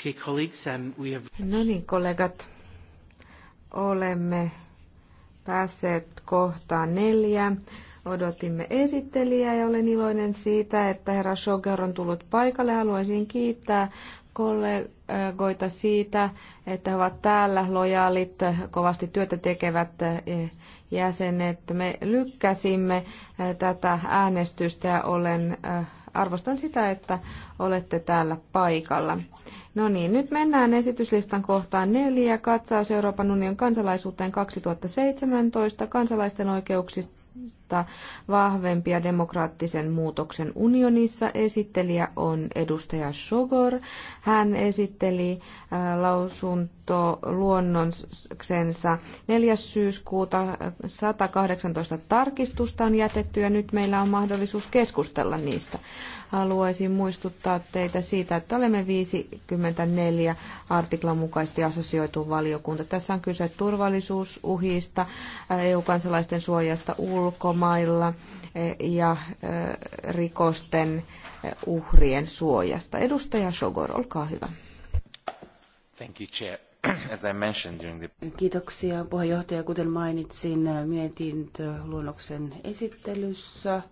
Okay, colleagues, um, we have... No niin, kollegat. Olemme päässeet kohtaan neljä. Odotimme esittelijää ja olen iloinen siitä, että herra Schoger on tullut paikalle. Haluaisin kiittää kollegoita siitä, että he ovat täällä lojaalit, kovasti työtä tekevät eh, jäsenet. Me lykkäsimme eh, tätä äänestystä ja olen, eh, arvostan sitä, että olette täällä paikalla. No niin, nyt mennään esityslistan kohtaan neljä. Katsaus Euroopan unionin kansalaisuuteen 2017 kansalaisten oikeuksista vahvempia demokraattisen muutoksen unionissa. Esittelijä on edustaja Sogor. Hän esitteli äh, lausunto luonnonsensa 4. syyskuuta 118 tarkistusta on jätetty ja nyt meillä on mahdollisuus keskustella niistä. Haluaisin muistuttaa teitä siitä, että olemme 54 artiklan mukaisesti assosioitu valiokunta. Tässä on kyse turvallisuusuhista, EU-kansalaisten suojasta ulkomailla e, ja e, rikosten e, uhrien suojasta. Edustaja Sogor, olkaa hyvä. Thank you, Chair. As I mentioned during the... Kiitoksia puheenjohtaja. Kuten mainitsin mietintöluonnoksen esittelyssä,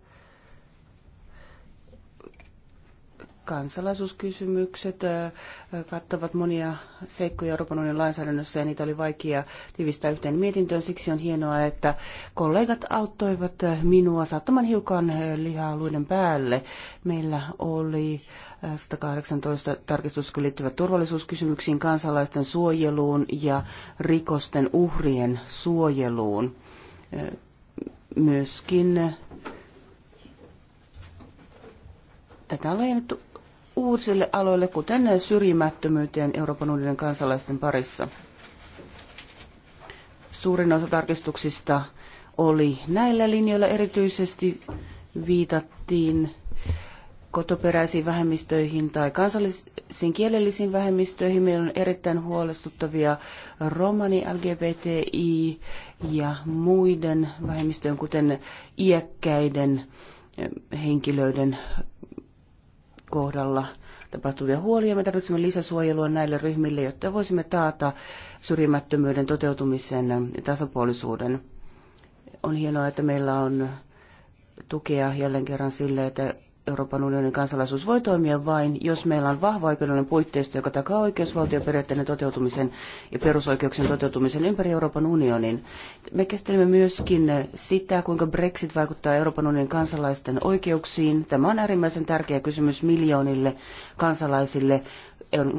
kansalaisuuskysymykset kattavat monia seikkoja Euroopan unionin lainsäädännössä ja niitä oli vaikea tivistää yhteen mietintöön. Siksi on hienoa, että kollegat auttoivat minua saattamaan hiukan lihaa luiden päälle. Meillä oli 118 tarkistus, liittyvät turvallisuuskysymyksiin, kansalaisten suojeluun ja rikosten uhrien suojeluun. Myöskin tätä on laajennettu uusille aloille, kuten syrjimättömyyteen Euroopan unionin kansalaisten parissa. Suurin osa tarkistuksista oli näillä linjoilla erityisesti viitattiin kotoperäisiin vähemmistöihin tai kansallisiin kielellisiin vähemmistöihin. Meillä on erittäin huolestuttavia romani, LGBTI ja muiden vähemmistöjen, kuten iäkkäiden henkilöiden kohdalla tapahtuvia huolia. Me tarvitsemme lisäsuojelua näille ryhmille, jotta voisimme taata syrjimättömyyden toteutumisen ja tasapuolisuuden. On hienoa, että meillä on tukea jälleen kerran sille, että Euroopan unionin kansalaisuus voi toimia vain, jos meillä on vahva oikeudellinen puitteisto, joka takaa oikeusvaltioperiaatteiden toteutumisen ja perusoikeuksien toteutumisen ympäri Euroopan unionin. Me käsittelemme myöskin sitä, kuinka Brexit vaikuttaa Euroopan unionin kansalaisten oikeuksiin. Tämä on äärimmäisen tärkeä kysymys miljoonille kansalaisille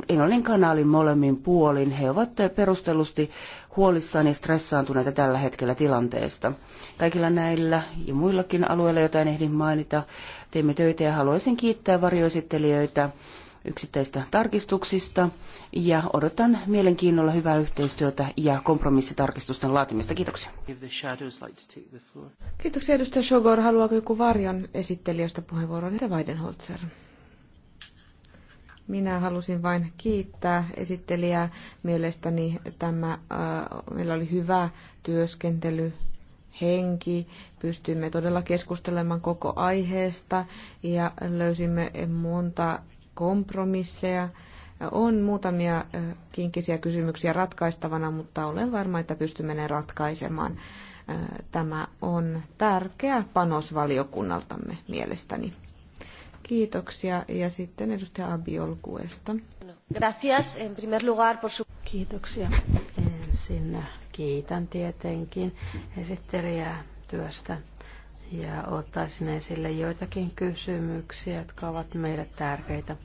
Englannin kanaalin molemmin puolin. He ovat perustellusti huolissaan ja stressaantuneita tällä hetkellä tilanteesta. Kaikilla näillä ja muillakin alueilla, joita en ehdi mainita, teemme töitä ja haluaisin kiittää varjoesittelijöitä yksittäistä tarkistuksista ja odotan mielenkiinnolla hyvää yhteistyötä ja kompromissitarkistusten laatimista. Kiitoksia. Kiitoksia edustaja Shogor. Haluaako joku varjon esittelijöistä puheenvuoron? Entä Weidenholzer? Minä halusin vain kiittää esittelijää. Mielestäni tämä, äh, meillä oli hyvä työskentely henki. Pystyimme todella keskustelemaan koko aiheesta ja löysimme monta kompromisseja. On muutamia äh, kinkisiä kysymyksiä ratkaistavana, mutta olen varma, että pystymme ne ratkaisemaan. Äh, tämä on tärkeä panos valiokunnaltamme mielestäni. Kiitoksia. Ja sitten edustaja Abi Gracias en primer lugar por su... Kiitoksia. Ensin kiitän tietenkin esittelijää työstä ja ottaisin esille joitakin kysymyksiä, jotka ovat meille tärkeitä.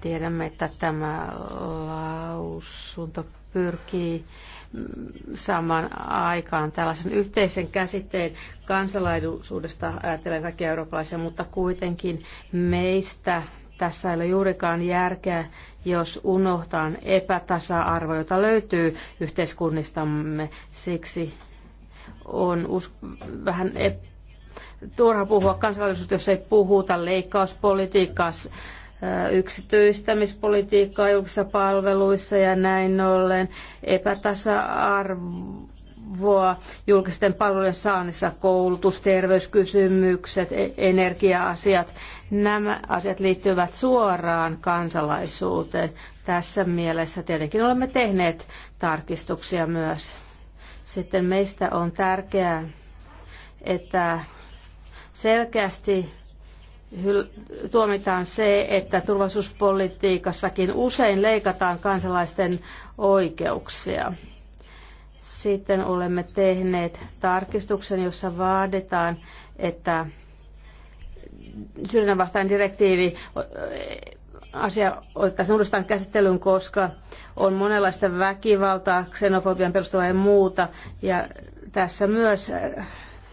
Tiedämme, että tämä lausunto pyrkii saamaan aikaan tällaisen yhteisen käsitteen kansalaisuudesta ajatellen kaikkia eurooppalaisia, mutta kuitenkin meistä tässä ei ole juurikaan järkeä, jos unohtaan epätasa-arvo, jota löytyy yhteiskunnistamme. Siksi on us- vähän e- turha puhua kansalaisuudesta, jos ei puhuta leikkauspolitiikasta yksityistämispolitiikkaa julkisissa palveluissa ja näin ollen epätasa-arvoa julkisten palvelujen saannissa, koulutus, terveyskysymykset, e- energia-asiat. Nämä asiat liittyvät suoraan kansalaisuuteen. Tässä mielessä tietenkin olemme tehneet tarkistuksia myös. Sitten meistä on tärkeää, että selkeästi tuomitaan se, että turvallisuuspolitiikassakin usein leikataan kansalaisten oikeuksia. Sitten olemme tehneet tarkistuksen, jossa vaaditaan, että syrjinnän vastainen direktiivi asia otettaisiin uudestaan käsittelyyn, koska on monenlaista väkivaltaa, xenofobian perustuvaa ja muuta. Ja tässä myös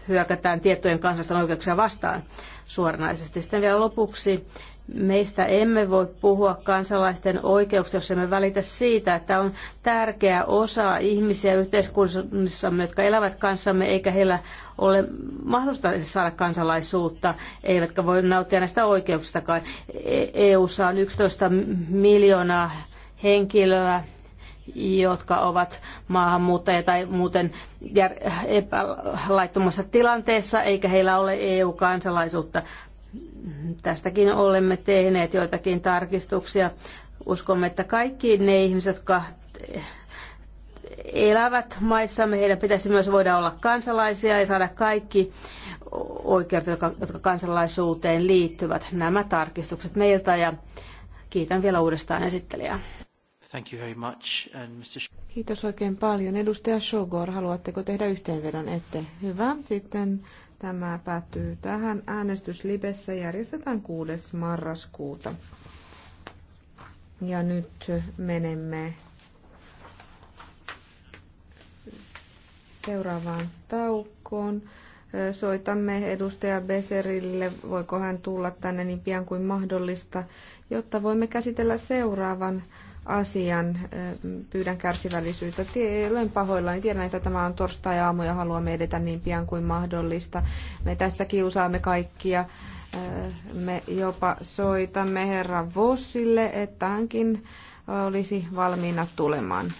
hyökätään tiettyjen kansalaisten oikeuksia vastaan suoranaisesti. Sitten vielä lopuksi meistä emme voi puhua kansalaisten oikeuksista, jos emme välitä siitä, että on tärkeä osa ihmisiä yhteiskunnassamme, jotka elävät kanssamme, eikä heillä ole mahdollista saada kansalaisuutta, eivätkä voi nauttia näistä oikeuksistakaan. EU:ssa e on 11 miljoonaa henkilöä, jotka ovat maahanmuuttajia tai muuten epälaittomassa tilanteessa, eikä heillä ole EU-kansalaisuutta. Tästäkin olemme tehneet joitakin tarkistuksia. Uskomme, että kaikki ne ihmiset, jotka elävät maissamme, heidän pitäisi myös voida olla kansalaisia ja saada kaikki oikeudet, jotka, jotka kansalaisuuteen liittyvät, nämä tarkistukset meiltä. Ja kiitän vielä uudestaan esittelijää. Thank you very much. And Mr. Kiitos oikein paljon. Edustaja Shogor, haluatteko tehdä yhteenvedon? Ette. Hyvä. Sitten tämä päättyy tähän. Äänestys Libessä järjestetään 6. marraskuuta. Ja nyt menemme seuraavaan taukoon. Soitamme edustaja Beserille, voiko hän tulla tänne niin pian kuin mahdollista, jotta voimme käsitellä seuraavan asian. Pyydän kärsivällisyyttä. Olen pahoillani. Tiedän, että tämä on torstai-aamu ja haluamme edetä niin pian kuin mahdollista. Me tässä kiusaamme kaikkia. Me jopa soitamme herra Vossille, että hänkin olisi valmiina tulemaan.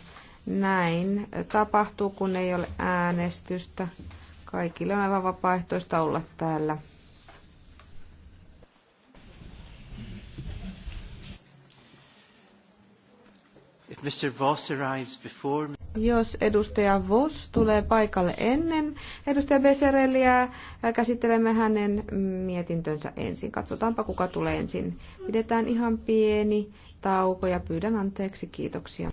Näin tapahtuu, kun ei ole äänestystä. Kaikille on aivan vapaaehtoista olla täällä. Before... Jos edustaja Voss tulee paikalle ennen edustaja Besereliä, äh, käsittelemme hänen mietintönsä ensin. Katsotaanpa, kuka tulee ensin. Pidetään ihan pieni tauko ja pyydän anteeksi. Kiitoksia.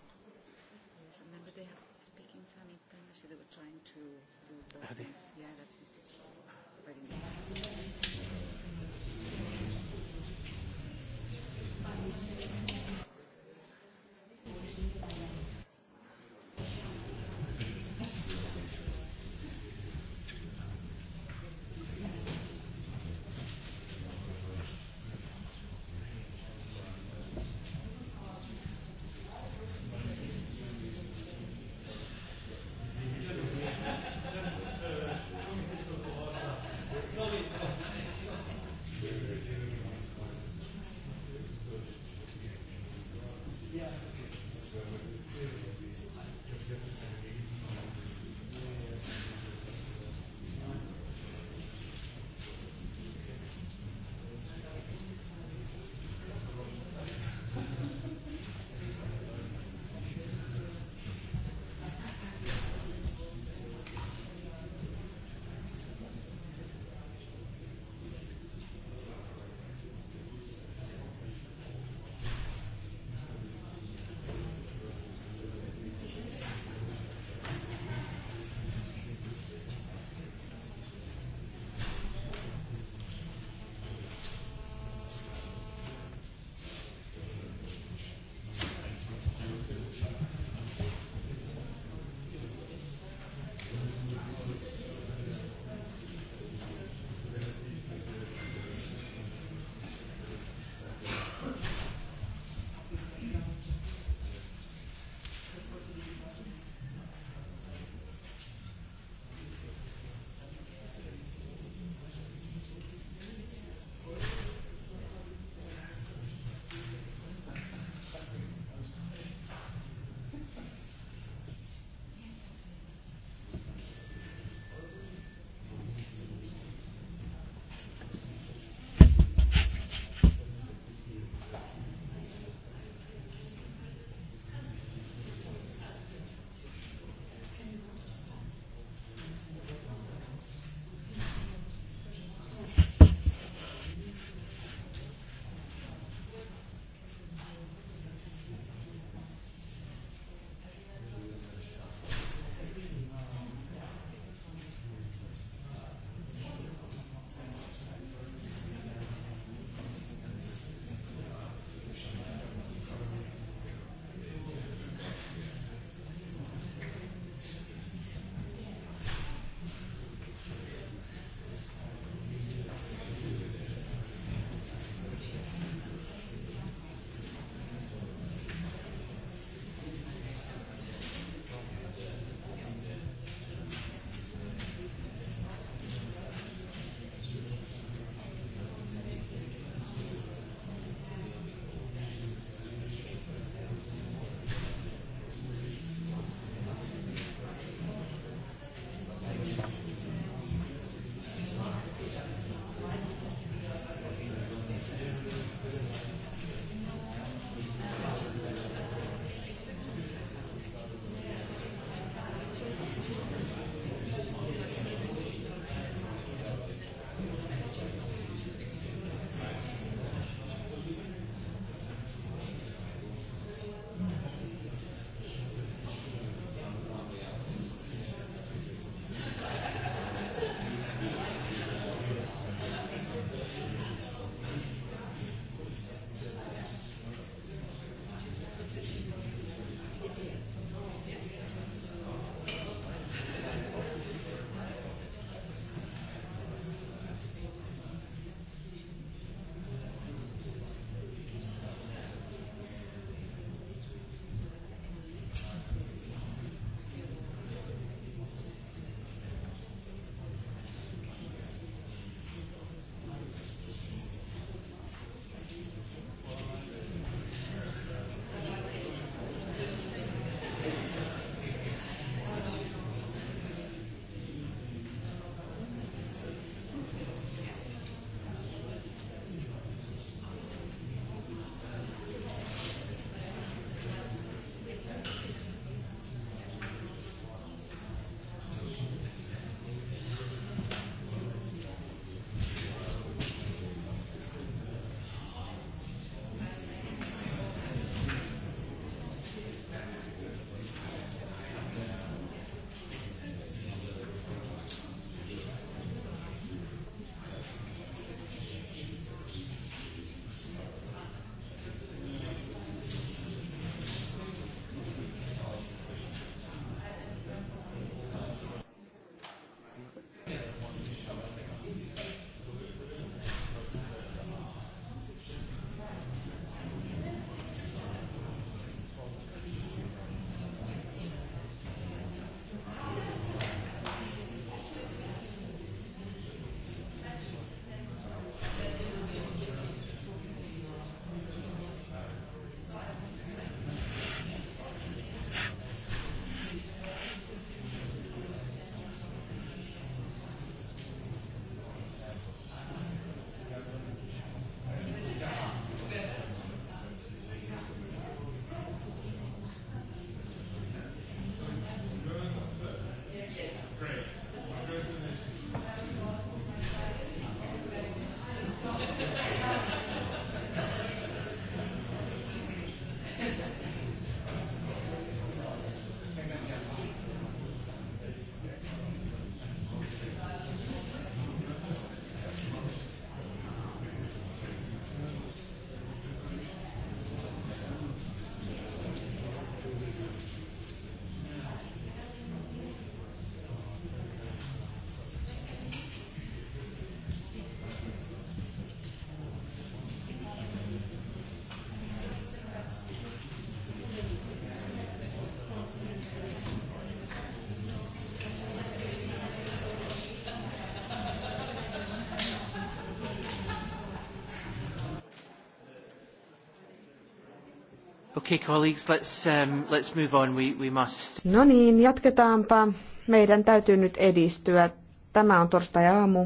Okay, colleagues, let's, um, let's move on. We, we must. No niin, jatketaanpa. Meidän täytyy nyt edistyä. Tämä on torstai-aamu.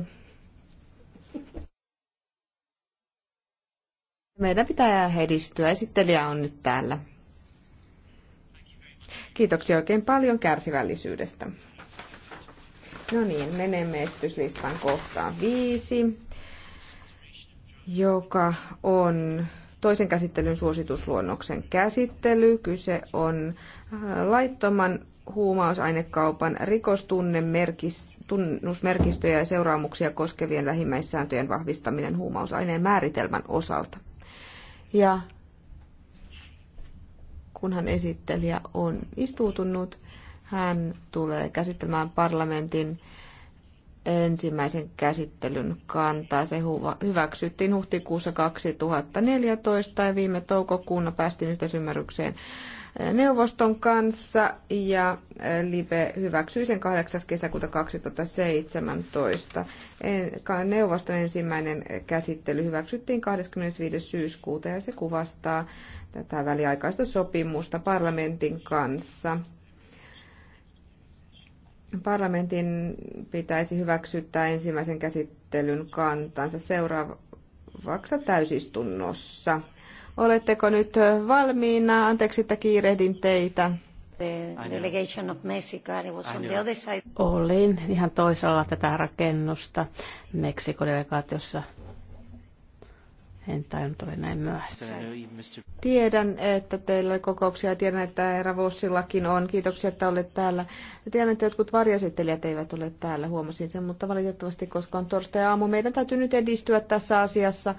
Meidän pitää edistyä. Esittelijä on nyt täällä. Kiitoksia oikein paljon kärsivällisyydestä. No niin, menemme esityslistan kohtaan viisi, joka on toisen käsittelyn suositusluonnoksen käsittely. Kyse on äh, laittoman huumausainekaupan rikostunnusmerkistöjä ja seuraamuksia koskevien vähimmäissääntöjen vahvistaminen huumausaineen määritelmän osalta. Ja kunhan esittelijä on istuutunut, hän tulee käsittelemään parlamentin ensimmäisen käsittelyn kantaa. Se hyväksyttiin huhtikuussa 2014 ja viime toukokuuna päästiin yhteisymmärrykseen eh, neuvoston kanssa ja eh, Live hyväksyi sen 8. kesäkuuta 2017. Neuvoston ensimmäinen käsittely hyväksyttiin 25. syyskuuta ja se kuvastaa tätä väliaikaista sopimusta parlamentin kanssa. Parlamentin pitäisi hyväksyttää ensimmäisen käsittelyn kantansa seuraavaksi täysistunnossa. Oletteko nyt valmiina? Anteeksi, että kiirehdin teitä. Olin ihan toisella tätä rakennusta Meksikon delegaatiossa en tajunnut ole näin myöhässä. Uh, tiedän, että teillä oli kokouksia ja tiedän, että herra Vossillakin on. Kiitoksia, että olet täällä. Tiedän, että jotkut varjasittelijat eivät ole täällä, huomasin sen, mutta valitettavasti, koska on torstai-aamu, meidän täytyy nyt edistyä tässä asiassa.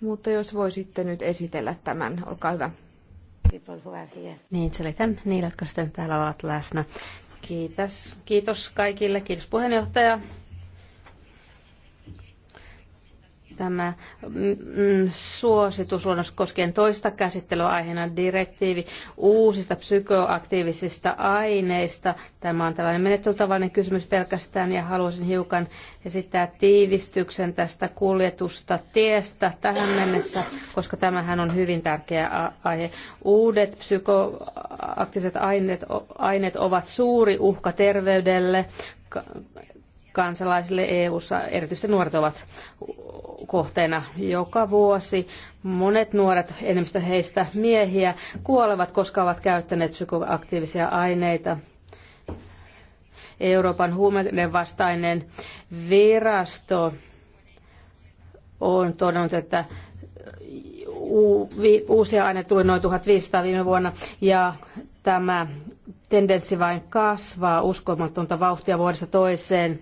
Mutta jos voisitte nyt esitellä tämän, olkaa hyvä. Niin, selitän niille, jotka sitten täällä ovat läsnä. Kiitos, kiitos kaikille. Kiitos puheenjohtaja. Tämä mm, mm, suositusluonnos koskien toista käsittelyaiheena direktiivi uusista psykoaktiivisista aineista. Tämä on tällainen menettelytavallinen kysymys pelkästään ja haluaisin hiukan esittää tiivistyksen tästä kuljetusta tiestä tähän mennessä, koska tämähän on hyvin tärkeä aihe. Uudet psykoaktiiviset aineet, aineet ovat suuri uhka terveydelle, kansalaisille EU-ssa, erityisesti nuoret ovat kohteena joka vuosi. Monet nuoret, enemmistö heistä miehiä, kuolevat, koska ovat käyttäneet psykoaktiivisia aineita. Euroopan huumeiden vastainen virasto on todennut, että uusia aineita tuli noin 1500 viime vuonna ja tämä tendenssi vain kasvaa uskomatonta vauhtia vuodesta toiseen.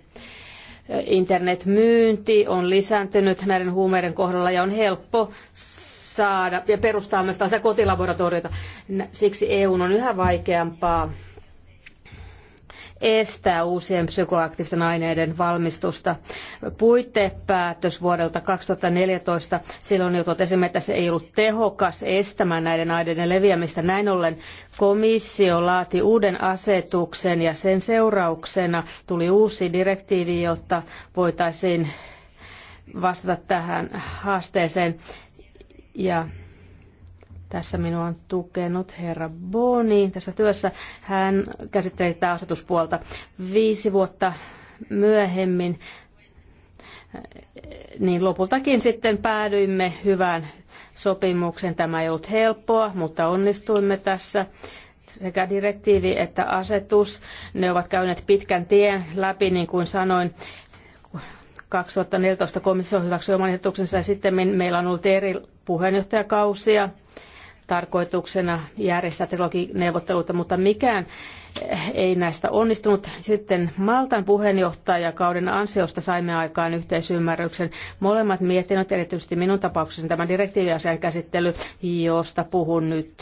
Internetmyynti on lisääntynyt näiden huumeiden kohdalla ja on helppo saada ja perustaa myös tällaisia kotilaboratorioita. Siksi EU on yhä vaikeampaa estää uusien psykoaktiivisten aineiden valmistusta. Puitepäätös vuodelta 2014, silloin jo totesimme, että se ei ollut tehokas estämään näiden aineiden leviämistä. Näin ollen komissio laati uuden asetuksen ja sen seurauksena tuli uusi direktiivi, jotta voitaisiin vastata tähän haasteeseen. Ja tässä minua on tukenut herra Boni tässä työssä. Hän käsitteli tätä asetuspuolta viisi vuotta myöhemmin. Niin lopultakin sitten päädyimme hyvään sopimukseen. Tämä ei ollut helppoa, mutta onnistuimme tässä sekä direktiivi että asetus. Ne ovat käyneet pitkän tien läpi, niin kuin sanoin. 2014 komissio hyväksyi oman ja sitten meillä on ollut eri puheenjohtajakausia tarkoituksena järjestää trilogineuvotteluita, mutta mikään ei näistä onnistunut. Sitten Maltan puheenjohtajakauden ansiosta saimme aikaan yhteisymmärryksen. Molemmat mietinnöt, erityisesti minun tapauksessani tämä direktiiviasian käsittely, josta puhun nyt,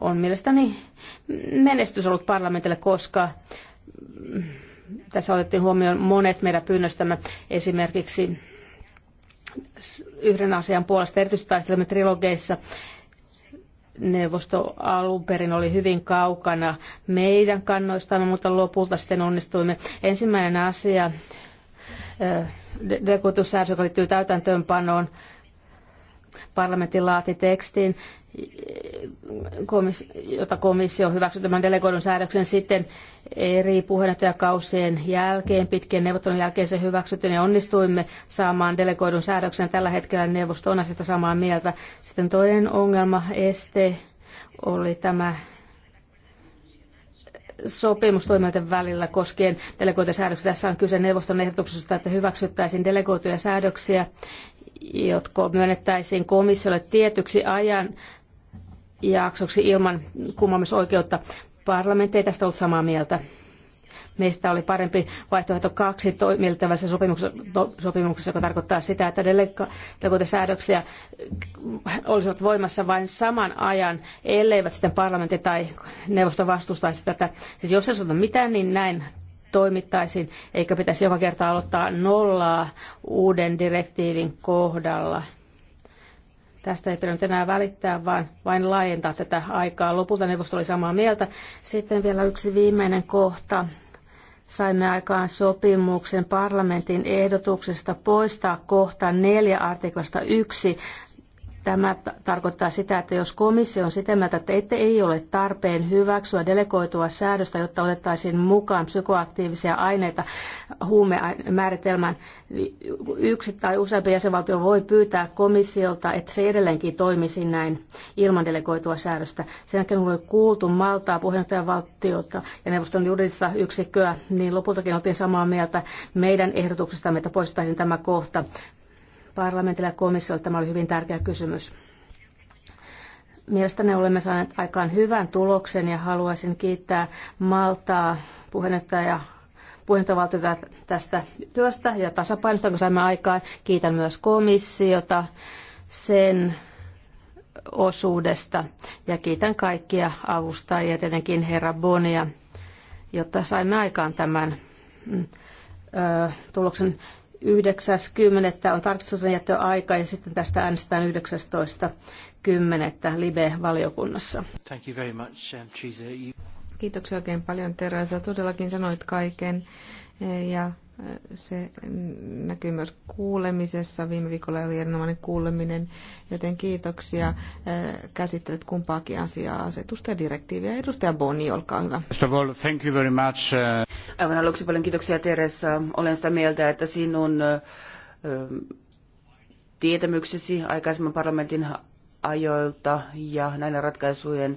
on mielestäni menestys ollut parlamentille, koska tässä otettiin huomioon monet meidän pyynnöstämme esimerkiksi yhden asian puolesta, erityisesti taistelemme trilogeissa neuvosto alun perin oli hyvin kaukana meidän kannoistamme, mutta lopulta sitten onnistuimme. Ensimmäinen asia, dekutussäädös, joka liittyy täytäntöönpanoon, parlamentti laati tekstin, komis, jota komissio hyväksyi tämän delegoidun säädöksen sitten eri puheenjohtajakausien jälkeen, pitkien neuvottelun jälkeen se hyväksyttiin ja onnistuimme saamaan delegoidun säädöksen. Tällä hetkellä neuvosto on asiasta samaa mieltä. Sitten toinen ongelma, este, oli tämä sopimustoimijoiden välillä koskien delegoitujen säädöksiä. Tässä on kyse neuvoston ehdotuksesta, että hyväksyttäisiin delegoituja säädöksiä, jotka myönnettäisiin komissiolle tietyksi ajan jaksoksi ilman kumoamisoikeutta. Parlamentti ei tästä ollut samaa mieltä. Meistä oli parempi vaihtoehto kaksi toimiltävässä sopimuksessa, to, sopimuksessa, joka tarkoittaa sitä, että delegointisäädöksiä olisivat voimassa vain saman ajan, elleivät sitten parlamentti tai neuvosto vastustaisi tätä. Siis jos ei sanota mitään, niin näin toimittaisiin, eikä pitäisi joka kerta aloittaa nollaa uuden direktiivin kohdalla. Tästä ei pitänyt enää välittää, vaan vain laajentaa tätä aikaa. Lopulta neuvosto oli samaa mieltä. Sitten vielä yksi viimeinen kohta. Saimme aikaan sopimuksen parlamentin ehdotuksesta poistaa kohta neljä artiklasta yksi Tämä tarkoittaa sitä, että jos komissio on sitä mieltä, että ette ei ole tarpeen hyväksyä delegoitua säädöstä, jotta otettaisiin mukaan psykoaktiivisia aineita huumemääritelmään, niin yksi tai useampi jäsenvaltio voi pyytää komissiolta, että se edelleenkin toimisi näin ilman delegoitua säädöstä. Sen jälkeen kun oli kuultu Maltaa, puheenjohtajavaltiota ja neuvoston juridista yksikköä, niin lopultakin oltiin samaa mieltä meidän ehdotuksestamme, että poistaisin tämä kohta. Parlamentille ja komissiolle tämä oli hyvin tärkeä kysymys. Mielestäni olemme saaneet aikaan hyvän tuloksen ja haluaisin kiittää Maltaa puheenjohtaja puheenjohtajavaltiota tästä työstä ja tasapainosta, kun saimme aikaan. Kiitän myös komissiota sen osuudesta ja kiitän kaikkia avustajia ja tietenkin herra Bonia, jotta saimme aikaan tämän mm, ö, tuloksen. 9.10. on tarkistuksen jättöaika ja sitten tästä äänestetään 19.10. Libe-valiokunnassa. Thank you very much, um, Teresa. You... Kiitoksia oikein paljon, Teresa. Todellakin sanoit kaiken. Eh, ja se näkyy myös kuulemisessa. Viime viikolla oli erinomainen kuuleminen, joten kiitoksia. Äh, Käsittelet kumpaakin asiaa, asetusta ja direktiiviä. Edustaja Boni, olkaa hyvä. thank you very much. Uh, Aivan aluksi paljon kiitoksia Teresa. Olen sitä mieltä, että sinun uh, um, tietämyksesi aikaisemman parlamentin ajoilta ja näiden ratkaisujen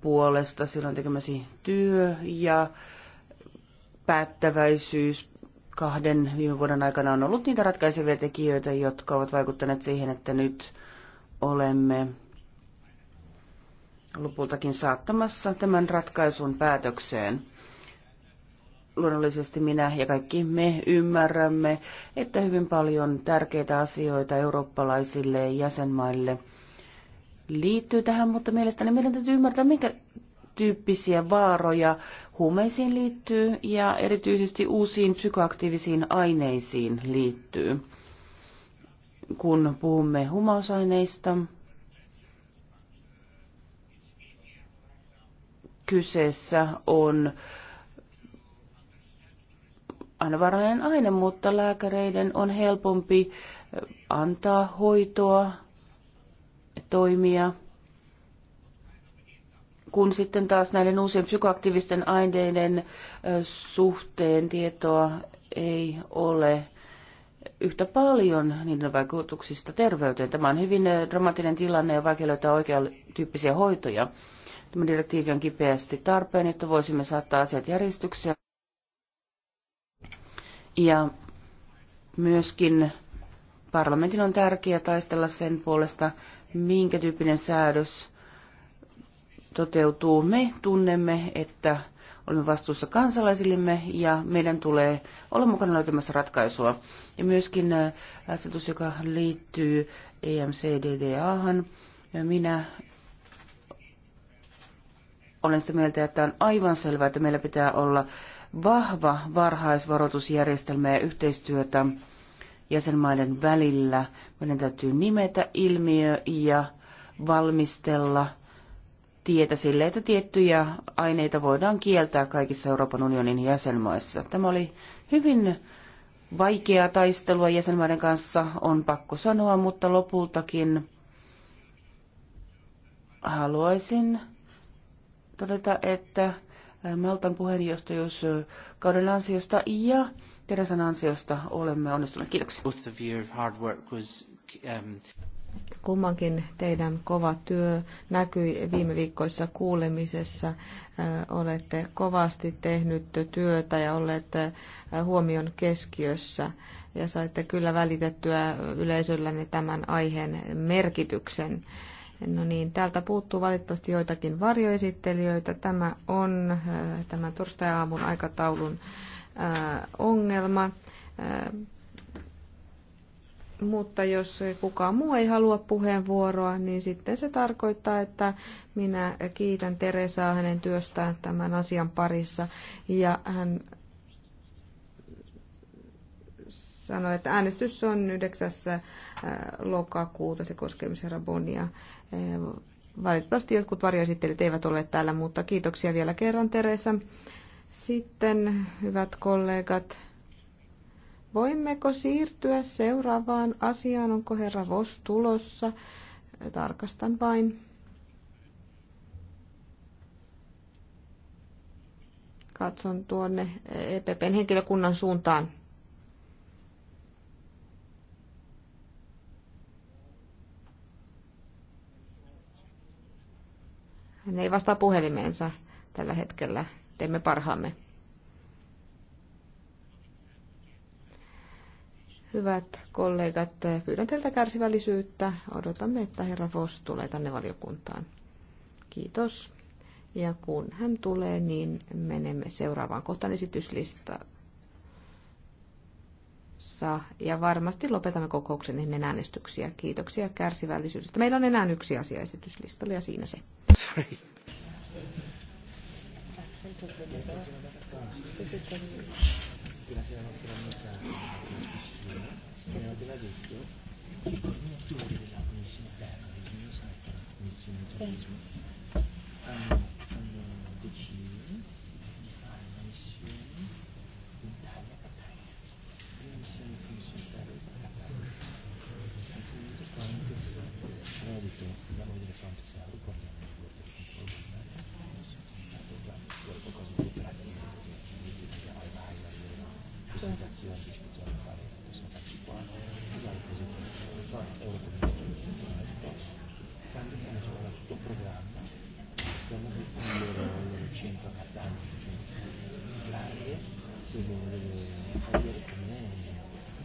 puolesta silloin tekemäsi työ ja päättäväisyys kahden viime vuoden aikana on ollut niitä ratkaisevia tekijöitä, jotka ovat vaikuttaneet siihen, että nyt olemme lopultakin saattamassa tämän ratkaisun päätökseen. Luonnollisesti minä ja kaikki me ymmärrämme, että hyvin paljon tärkeitä asioita eurooppalaisille jäsenmaille liittyy tähän, mutta mielestäni meidän täytyy ymmärtää, minkä tyyppisiä vaaroja huumeisiin liittyy ja erityisesti uusiin psykoaktiivisiin aineisiin liittyy. Kun puhumme humausaineista, kyseessä on ainevarainen aine, mutta lääkäreiden on helpompi äh, antaa hoitoa, toimia – kun sitten taas näiden uusien psykoaktiivisten aineiden suhteen tietoa ei ole yhtä paljon niiden vaikutuksista terveyteen. Tämä on hyvin dramaattinen tilanne ja vaikea löytää oikean tyyppisiä hoitoja. Tämä direktiivi on kipeästi tarpeen, että voisimme saattaa asiat järjestykseen. Ja myöskin parlamentin on tärkeää taistella sen puolesta, minkä tyyppinen säädös toteutuu. Me tunnemme, että olemme vastuussa kansalaisillemme ja meidän tulee olla mukana löytämässä ratkaisua. Ja myöskin äh, asetus, joka liittyy EMCDDAhan, minä olen sitä mieltä, että on aivan selvää, että meillä pitää olla vahva varhaisvaroitusjärjestelmä ja yhteistyötä jäsenmaiden välillä. Meidän täytyy nimetä ilmiö ja valmistella – tietä sille, että tiettyjä aineita voidaan kieltää kaikissa Euroopan unionin jäsenmaissa. Tämä oli hyvin vaikeaa taistelua jäsenmaiden kanssa, on pakko sanoa, mutta lopultakin haluaisin todeta, että Maltan puheenjohtajuus kauden ansiosta ja Teresan ansiosta olemme onnistuneet. Kiitoksia. Kummankin teidän kova työ näkyi viime viikkoissa kuulemisessa. Olette kovasti tehnyt työtä ja olleet huomion keskiössä ja saitte kyllä välitettyä yleisöllänne tämän aiheen merkityksen. No niin, täältä puuttuu valitettavasti joitakin varjoesittelijöitä. Tämä on tämän torstai-aamun aikataulun ongelma. Mutta jos kukaan muu ei halua puheenvuoroa, niin sitten se tarkoittaa, että minä kiitän Teresaa hänen työstään tämän asian parissa. Ja hän sanoi, että äänestys on 9. Äh, lokakuuta, se koskee myös herra Bonia. Äh, valitettavasti jotkut varjoesittelijät eivät ole täällä, mutta kiitoksia vielä kerran Teresa. Sitten, hyvät kollegat, Voimmeko siirtyä seuraavaan asiaan? Onko herra Vos tulossa? Tarkastan vain. Katson tuonne EPPn henkilökunnan suuntaan. Hän ei vastaa puhelimeensa tällä hetkellä. Teemme parhaamme. Hyvät kollegat, pyydän teiltä kärsivällisyyttä. Odotamme, että herra Vos tulee tänne valiokuntaan. Kiitos. Ja kun hän tulee, niin menemme seuraavaan kohtaan esityslista. Ja varmasti lopetamme kokouksen ennen äänestyksiä. Kiitoksia kärsivällisyydestä. Meillä on enää yksi asia esityslistalla ja siinä se. Sorry. Grazie.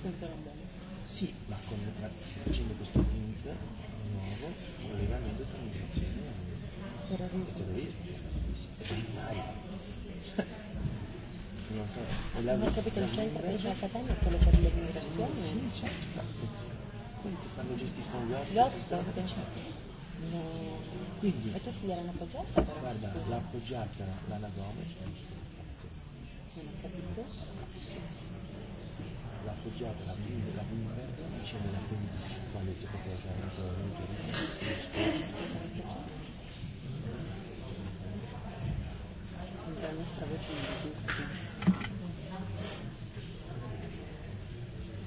abbastanza random. Sì, ma con, facendo questo link nuovo, collegamento tra immigrazione e terrorismo. Non so, e la ma capito, il centro che c'è a Catania è quello per l'immigrazione? Sì, sì, certo. Quindi quando gestiscono gli ospiti... Gli ospiti, certo. No. Quindi, e tutti gli erano appoggiati? Guarda, l'ha appoggiata l'Anagome. Non ho capito l'appoggiata la prima, la e dicendo la prima, quando si poteva fare La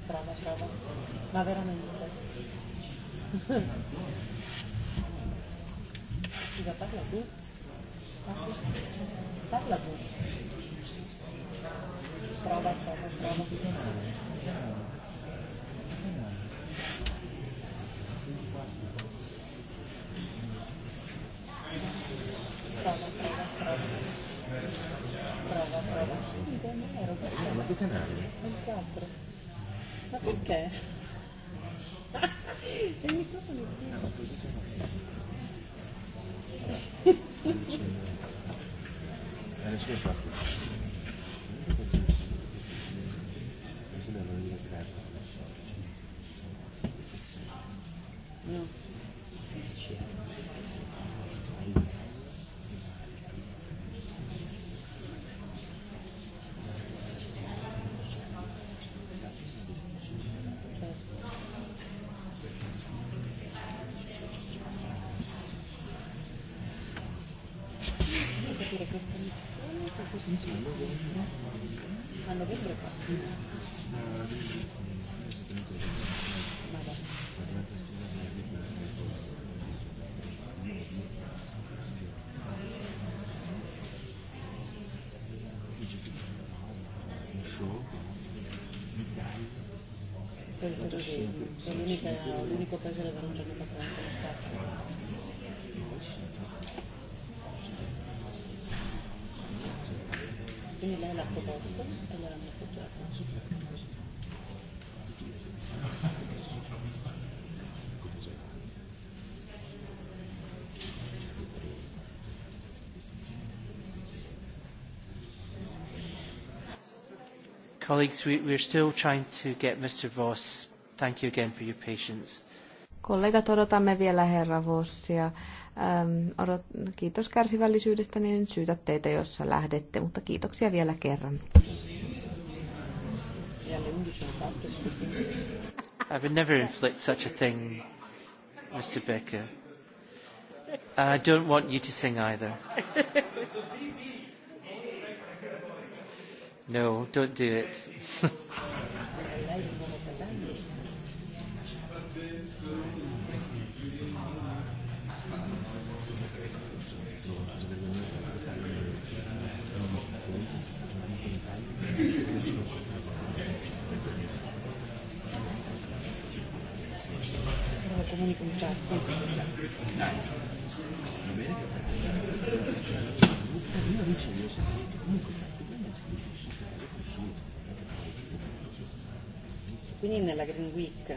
Brava, brava, ma veramente. Scusa, parla tu. Parla tu. Brava, brava, brava. Ma che canale? Il 4. Ma è è fatto. per Quindi lei l'ha proposto? Colleagues, we, we're still trying to get Mr. Voss. Thank you again for your patience. Kollegat, odotamme vielä herra Vossia. Ähm, odot, kiitos kärsivällisyydestä, niin syytä teitä, jos lähdette, mutta kiitoksia vielä kerran. I would never inflict such a thing, Mr. Becker. I don't want you to sing either. No, don't do it. comunico un chat. quindi nella Green Week.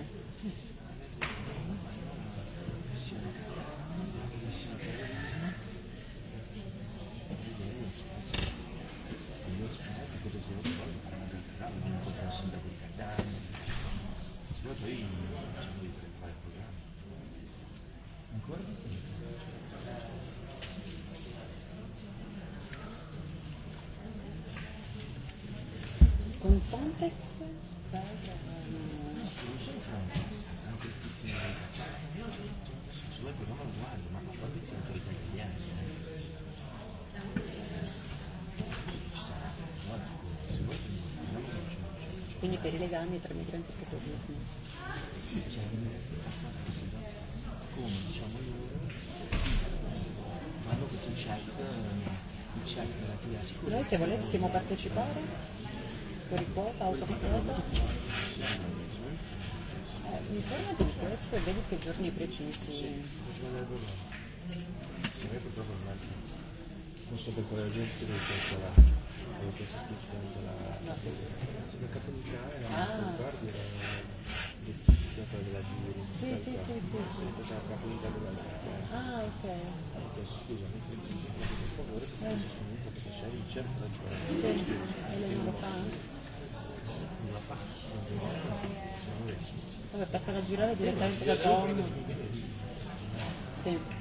Con Frontex Quindi per i legami tra migranti e popolazione. Sì, come diciamo loro, hanno questo check, eh, il check della sicurezza. Noi se volessimo partecipare questo riguarda autoricordati? Eh, mi fermo di questo e vedi che giorni precisi. Sì, non so per quale ragione si deve calcolare avevo questo spiegato la la capitale la guardia era stato della Giri sì sì sì sì cosa la capitale della ah ok scusa mi pensi per favore perché sono un po' che sei certo da giocare sì e lei non lo fa Vabbè, per farla girare direttamente Sì.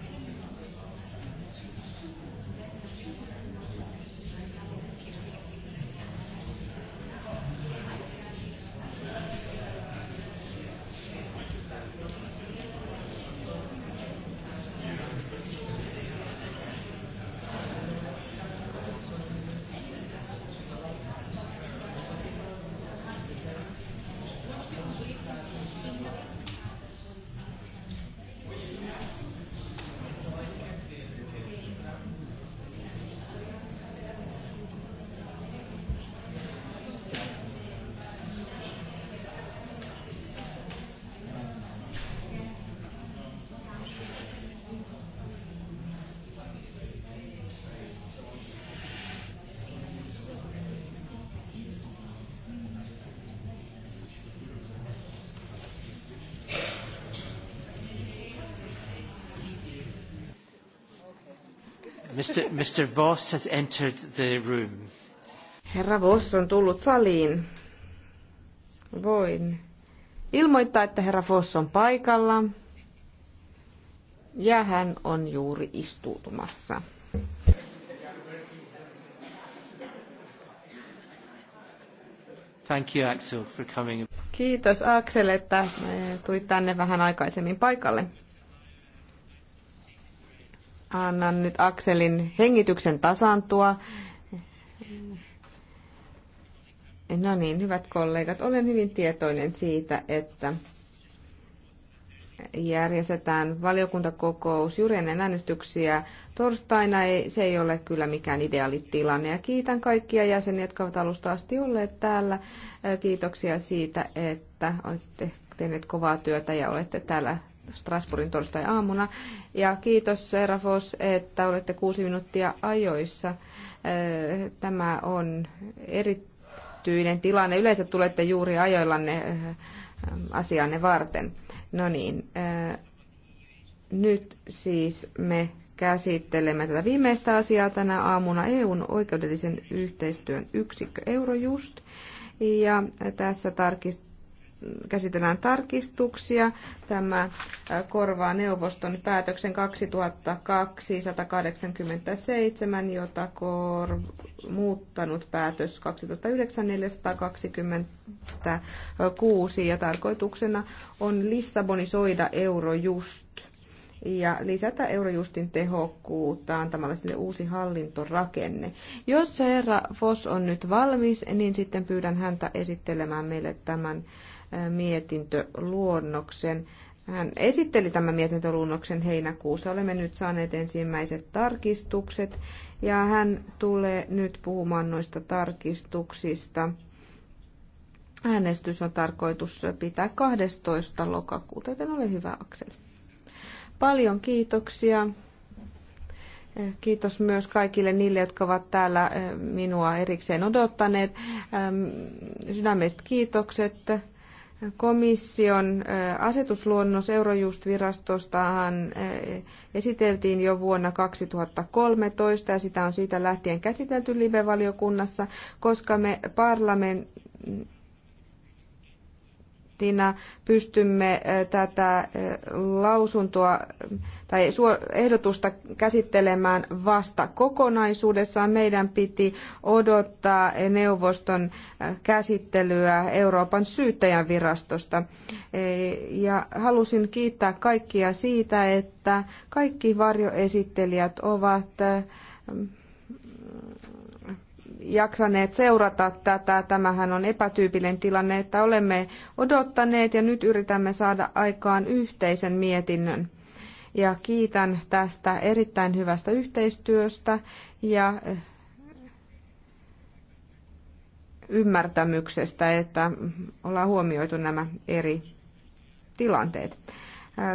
Mr. Voss has entered the room. Herra Voss on tullut saliin. Voin ilmoittaa, että herra Voss on paikalla. Ja hän on juuri istuutumassa. Thank you, Axel, for coming. Kiitos Axel, että eh, tulit tänne vähän aikaisemmin paikalle. Annan nyt Akselin hengityksen tasantua. No niin, hyvät kollegat, olen hyvin tietoinen siitä, että järjestetään valiokuntakokous ennen äänestyksiä torstaina. Ei, se ei ole kyllä mikään ideaalitilanne. Ja kiitän kaikkia jäseniä, jotka ovat alusta asti olleet täällä. Kiitoksia siitä, että olette tehneet kovaa työtä ja olette täällä Strasbourgin torstai-aamuna. Ja kiitos Serafos, että olette kuusi minuuttia ajoissa. Äh, tämä on erityinen tilanne. Yleensä tulette juuri ajoillanne äh, asianne varten. No niin, äh, nyt siis me käsittelemme tätä viimeistä asiaa tänä aamuna EUn oikeudellisen yhteistyön yksikkö Eurojust. Ja tässä tarkist käsitellään tarkistuksia. Tämä korvaa neuvoston päätöksen 2002-187, jota kor- muuttanut päätös 2009-426 ja tarkoituksena on Lissabonisoida Eurojust ja lisätä Eurojustin tehokkuutta antamalla sille uusi hallintorakenne. Jos herra Foss on nyt valmis, niin sitten pyydän häntä esittelemään meille tämän mietintöluonnoksen. Hän esitteli tämän mietintöluonnoksen heinäkuussa. Olemme nyt saaneet ensimmäiset tarkistukset ja hän tulee nyt puhumaan noista tarkistuksista. Äänestys on tarkoitus pitää 12. lokakuuta, joten ole hyvä aksel. Paljon kiitoksia. Kiitos myös kaikille niille, jotka ovat täällä eh, minua erikseen odottaneet. Sydämestä kiitokset. Komission asetusluonnos Eurojust-virastostahan esiteltiin jo vuonna 2013 ja sitä on siitä lähtien käsitelty live-valiokunnassa, koska me parlament parlamenttina pystymme tätä lausuntoa tai ehdotusta käsittelemään vasta kokonaisuudessaan. Meidän piti odottaa neuvoston käsittelyä Euroopan syyttäjän virastosta. E, ja halusin kiittää kaikkia siitä, että kaikki varjoesittelijät ovat jaksaneet seurata tätä. Tämähän on epätyypillinen tilanne, että olemme odottaneet ja nyt yritämme saada aikaan yhteisen mietinnön. Ja kiitän tästä erittäin hyvästä yhteistyöstä ja eh, ymmärtämyksestä, että ollaan huomioitu nämä eri tilanteet.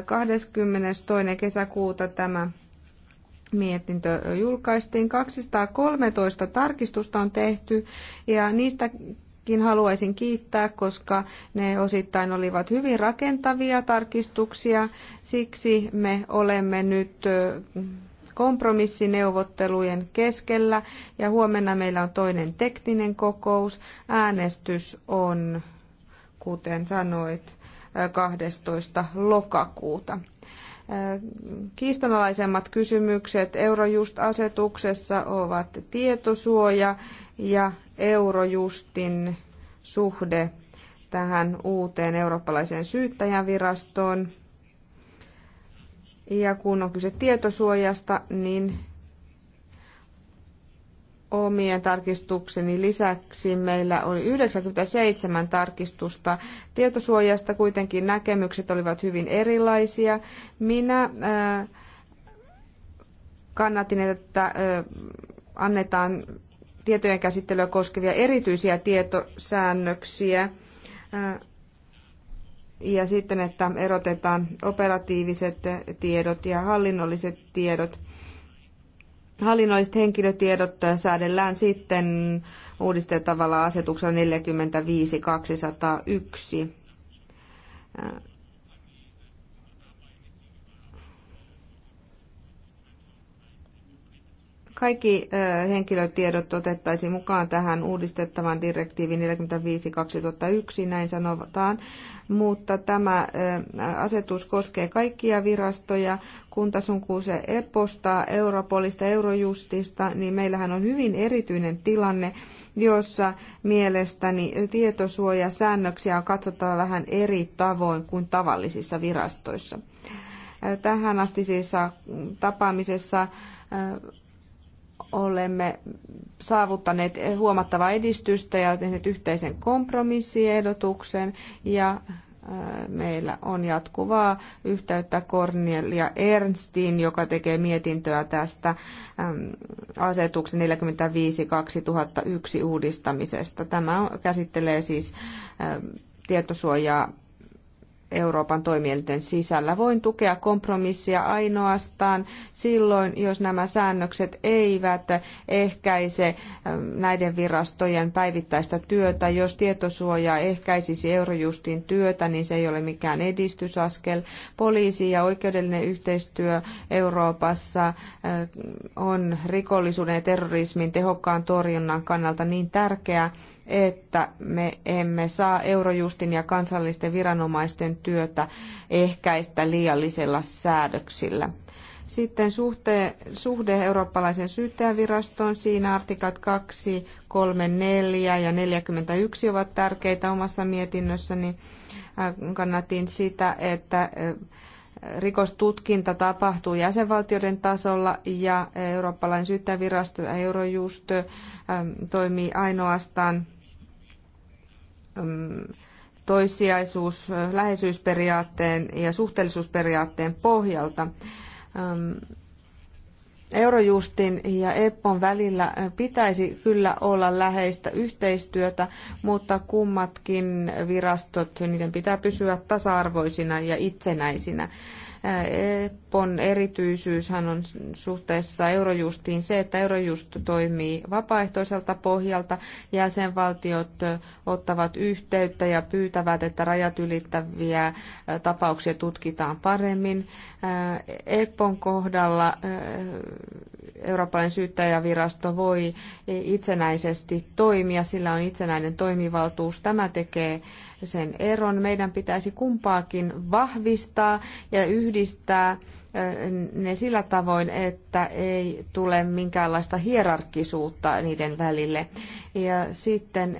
22. Eh, kesäkuuta tämä mietintö julkaistiin. 213 tarkistusta on tehty ja niistä haluaisin kiittää, koska ne osittain olivat hyvin rakentavia tarkistuksia. Siksi me olemme nyt kompromissineuvottelujen keskellä ja huomenna meillä on toinen tekninen kokous. Äänestys on, kuten sanoit, 12. lokakuuta. Kiistanalaisemmat kysymykset Eurojust-asetuksessa ovat tietosuoja ja Eurojustin suhde tähän uuteen eurooppalaiseen syyttäjänvirastoon. Ja kun on kyse tietosuojasta, niin omien tarkistukseni lisäksi meillä oli 97 tarkistusta. Tietosuojasta kuitenkin näkemykset olivat hyvin erilaisia. Minä äh, kannatin, että äh, annetaan tietojen käsittelyä koskevia erityisiä tietosäännöksiä. Äh, ja sitten, että erotetaan operatiiviset tiedot ja hallinnolliset tiedot. Hallinnolliset henkilötiedot säädellään sitten uudistettavalla asetuksella 45.201 Kaikki henkilötiedot otettaisiin mukaan tähän uudistettavaan direktiiviin 45-2001, näin sanotaan, mutta tämä asetus koskee kaikkia virastoja. Kun tässä on kuuse EPOsta, Europolista, Eurojustista, niin meillähän on hyvin erityinen tilanne, jossa mielestäni tietosuojasäännöksiä on katsottava vähän eri tavoin kuin tavallisissa virastoissa. Tähän asti siis tapaamisessa olemme saavuttaneet huomattavaa edistystä ja tehneet yhteisen kompromissiehdotuksen ja äh, meillä on jatkuvaa yhteyttä Cornelia Ernstiin, joka tekee mietintöä tästä ähm, asetuksen 45-2001 uudistamisesta. Tämä käsittelee siis ähm, tietosuojaa Euroopan toimielinten sisällä. Voin tukea kompromissia ainoastaan silloin, jos nämä säännökset eivät ehkäise ähm, näiden virastojen päivittäistä työtä. Jos tietosuoja ehkäisisi Eurojustin työtä, niin se ei ole mikään edistysaskel. Poliisi ja oikeudellinen yhteistyö Euroopassa äh, on rikollisuuden ja terrorismin tehokkaan torjunnan kannalta niin tärkeää, että me emme saa Eurojustin ja kansallisten viranomaisten työtä ehkäistä liiallisilla säädöksillä. Sitten suhte, suhde eurooppalaisen syyttäjävirastoon, siinä artikat 2, 3, 4 ja 41 ovat tärkeitä omassa mietinnössäni. Kannatin sitä, että äh, rikostutkinta tapahtuu jäsenvaltioiden tasolla ja eurooppalainen syyttäjävirasto ja Eurojust ähm, toimii ainoastaan Mm, toissijaisuus, läheisyysperiaatteen ja suhteellisuusperiaatteen pohjalta. Mm, Eurojustin ja EPPON välillä pitäisi kyllä olla läheistä yhteistyötä, mutta kummatkin virastot, niiden pitää pysyä tasa-arvoisina ja itsenäisinä. EPON erityisyyshän on suhteessa Eurojustiin se, että Eurojust toimii vapaaehtoiselta pohjalta. Jäsenvaltiot ottavat yhteyttä ja pyytävät, että rajat ylittäviä tapauksia tutkitaan paremmin. EPON kohdalla Eurooppalainen syyttäjävirasto voi itsenäisesti toimia, sillä on itsenäinen toimivaltuus. Tämä tekee sen eron. Meidän pitäisi kumpaakin vahvistaa ja yhdistää ne sillä tavoin, että ei tule minkäänlaista hierarkkisuutta niiden välille. Ja sitten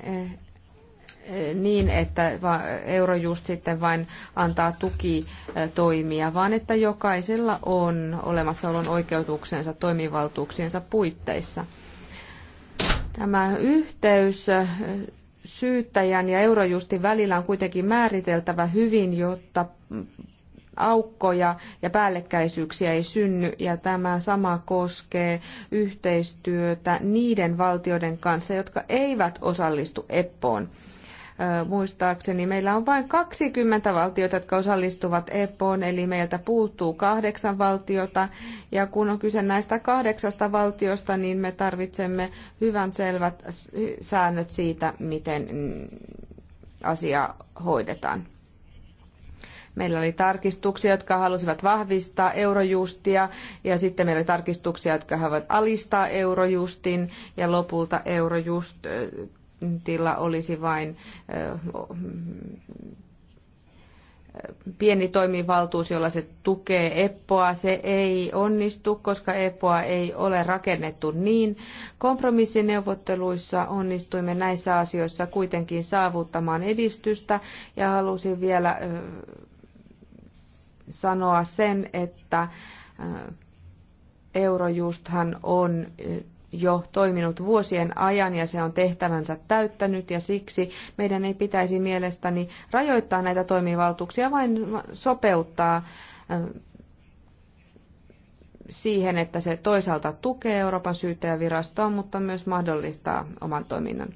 niin, että Eurojust sitten vain antaa tukitoimia, vaan että jokaisella on olemassaolon oikeutuksensa toimivaltuuksiensa puitteissa. Tämä yhteys syyttäjän ja Eurojustin välillä on kuitenkin määriteltävä hyvin, jotta aukkoja ja päällekkäisyyksiä ei synny, ja tämä sama koskee yhteistyötä niiden valtioiden kanssa, jotka eivät osallistu EPPOon muistaakseni meillä on vain 20 valtiota, jotka osallistuvat EPOon, eli meiltä puuttuu kahdeksan valtiota. Ja kun on kyse näistä kahdeksasta valtiosta, niin me tarvitsemme hyvän selvät säännöt siitä, miten asia hoidetaan. Meillä oli tarkistuksia, jotka halusivat vahvistaa eurojustia, ja sitten meillä oli tarkistuksia, jotka haluavat alistaa eurojustin, ja lopulta eurojust prosentilla olisi vain pieni toimivaltuus, jolla se tukee EPPOa. Se ei onnistu, koska EPPOa ei ole rakennettu niin. Kompromissineuvotteluissa onnistuimme näissä asioissa kuitenkin saavuttamaan edistystä ja halusin vielä sanoa sen, että Eurojusthan on jo toiminut vuosien ajan ja se on tehtävänsä täyttänyt ja siksi meidän ei pitäisi mielestäni rajoittaa näitä toimivaltuuksia, vaan sopeuttaa siihen, että se toisaalta tukee Euroopan syyttäjävirastoa, mutta myös mahdollistaa oman toiminnan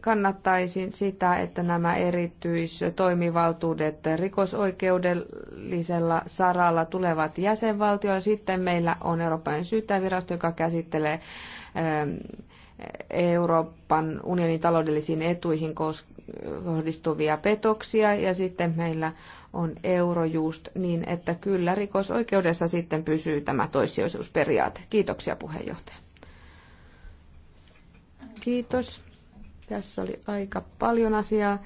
kannattaisin sitä, että nämä erityistoimivaltuudet rikosoikeudellisella saralla tulevat jäsenvaltioon. Sitten meillä on Euroopan syyttäjävirasto, joka käsittelee ähm, Euroopan unionin taloudellisiin etuihin kohdistuvia petoksia ja sitten meillä on Eurojust niin, että kyllä rikosoikeudessa sitten pysyy tämä toissijaisuusperiaate. Kiitoksia puheenjohtaja. Kiitos. Tässä oli aika paljon asiaa.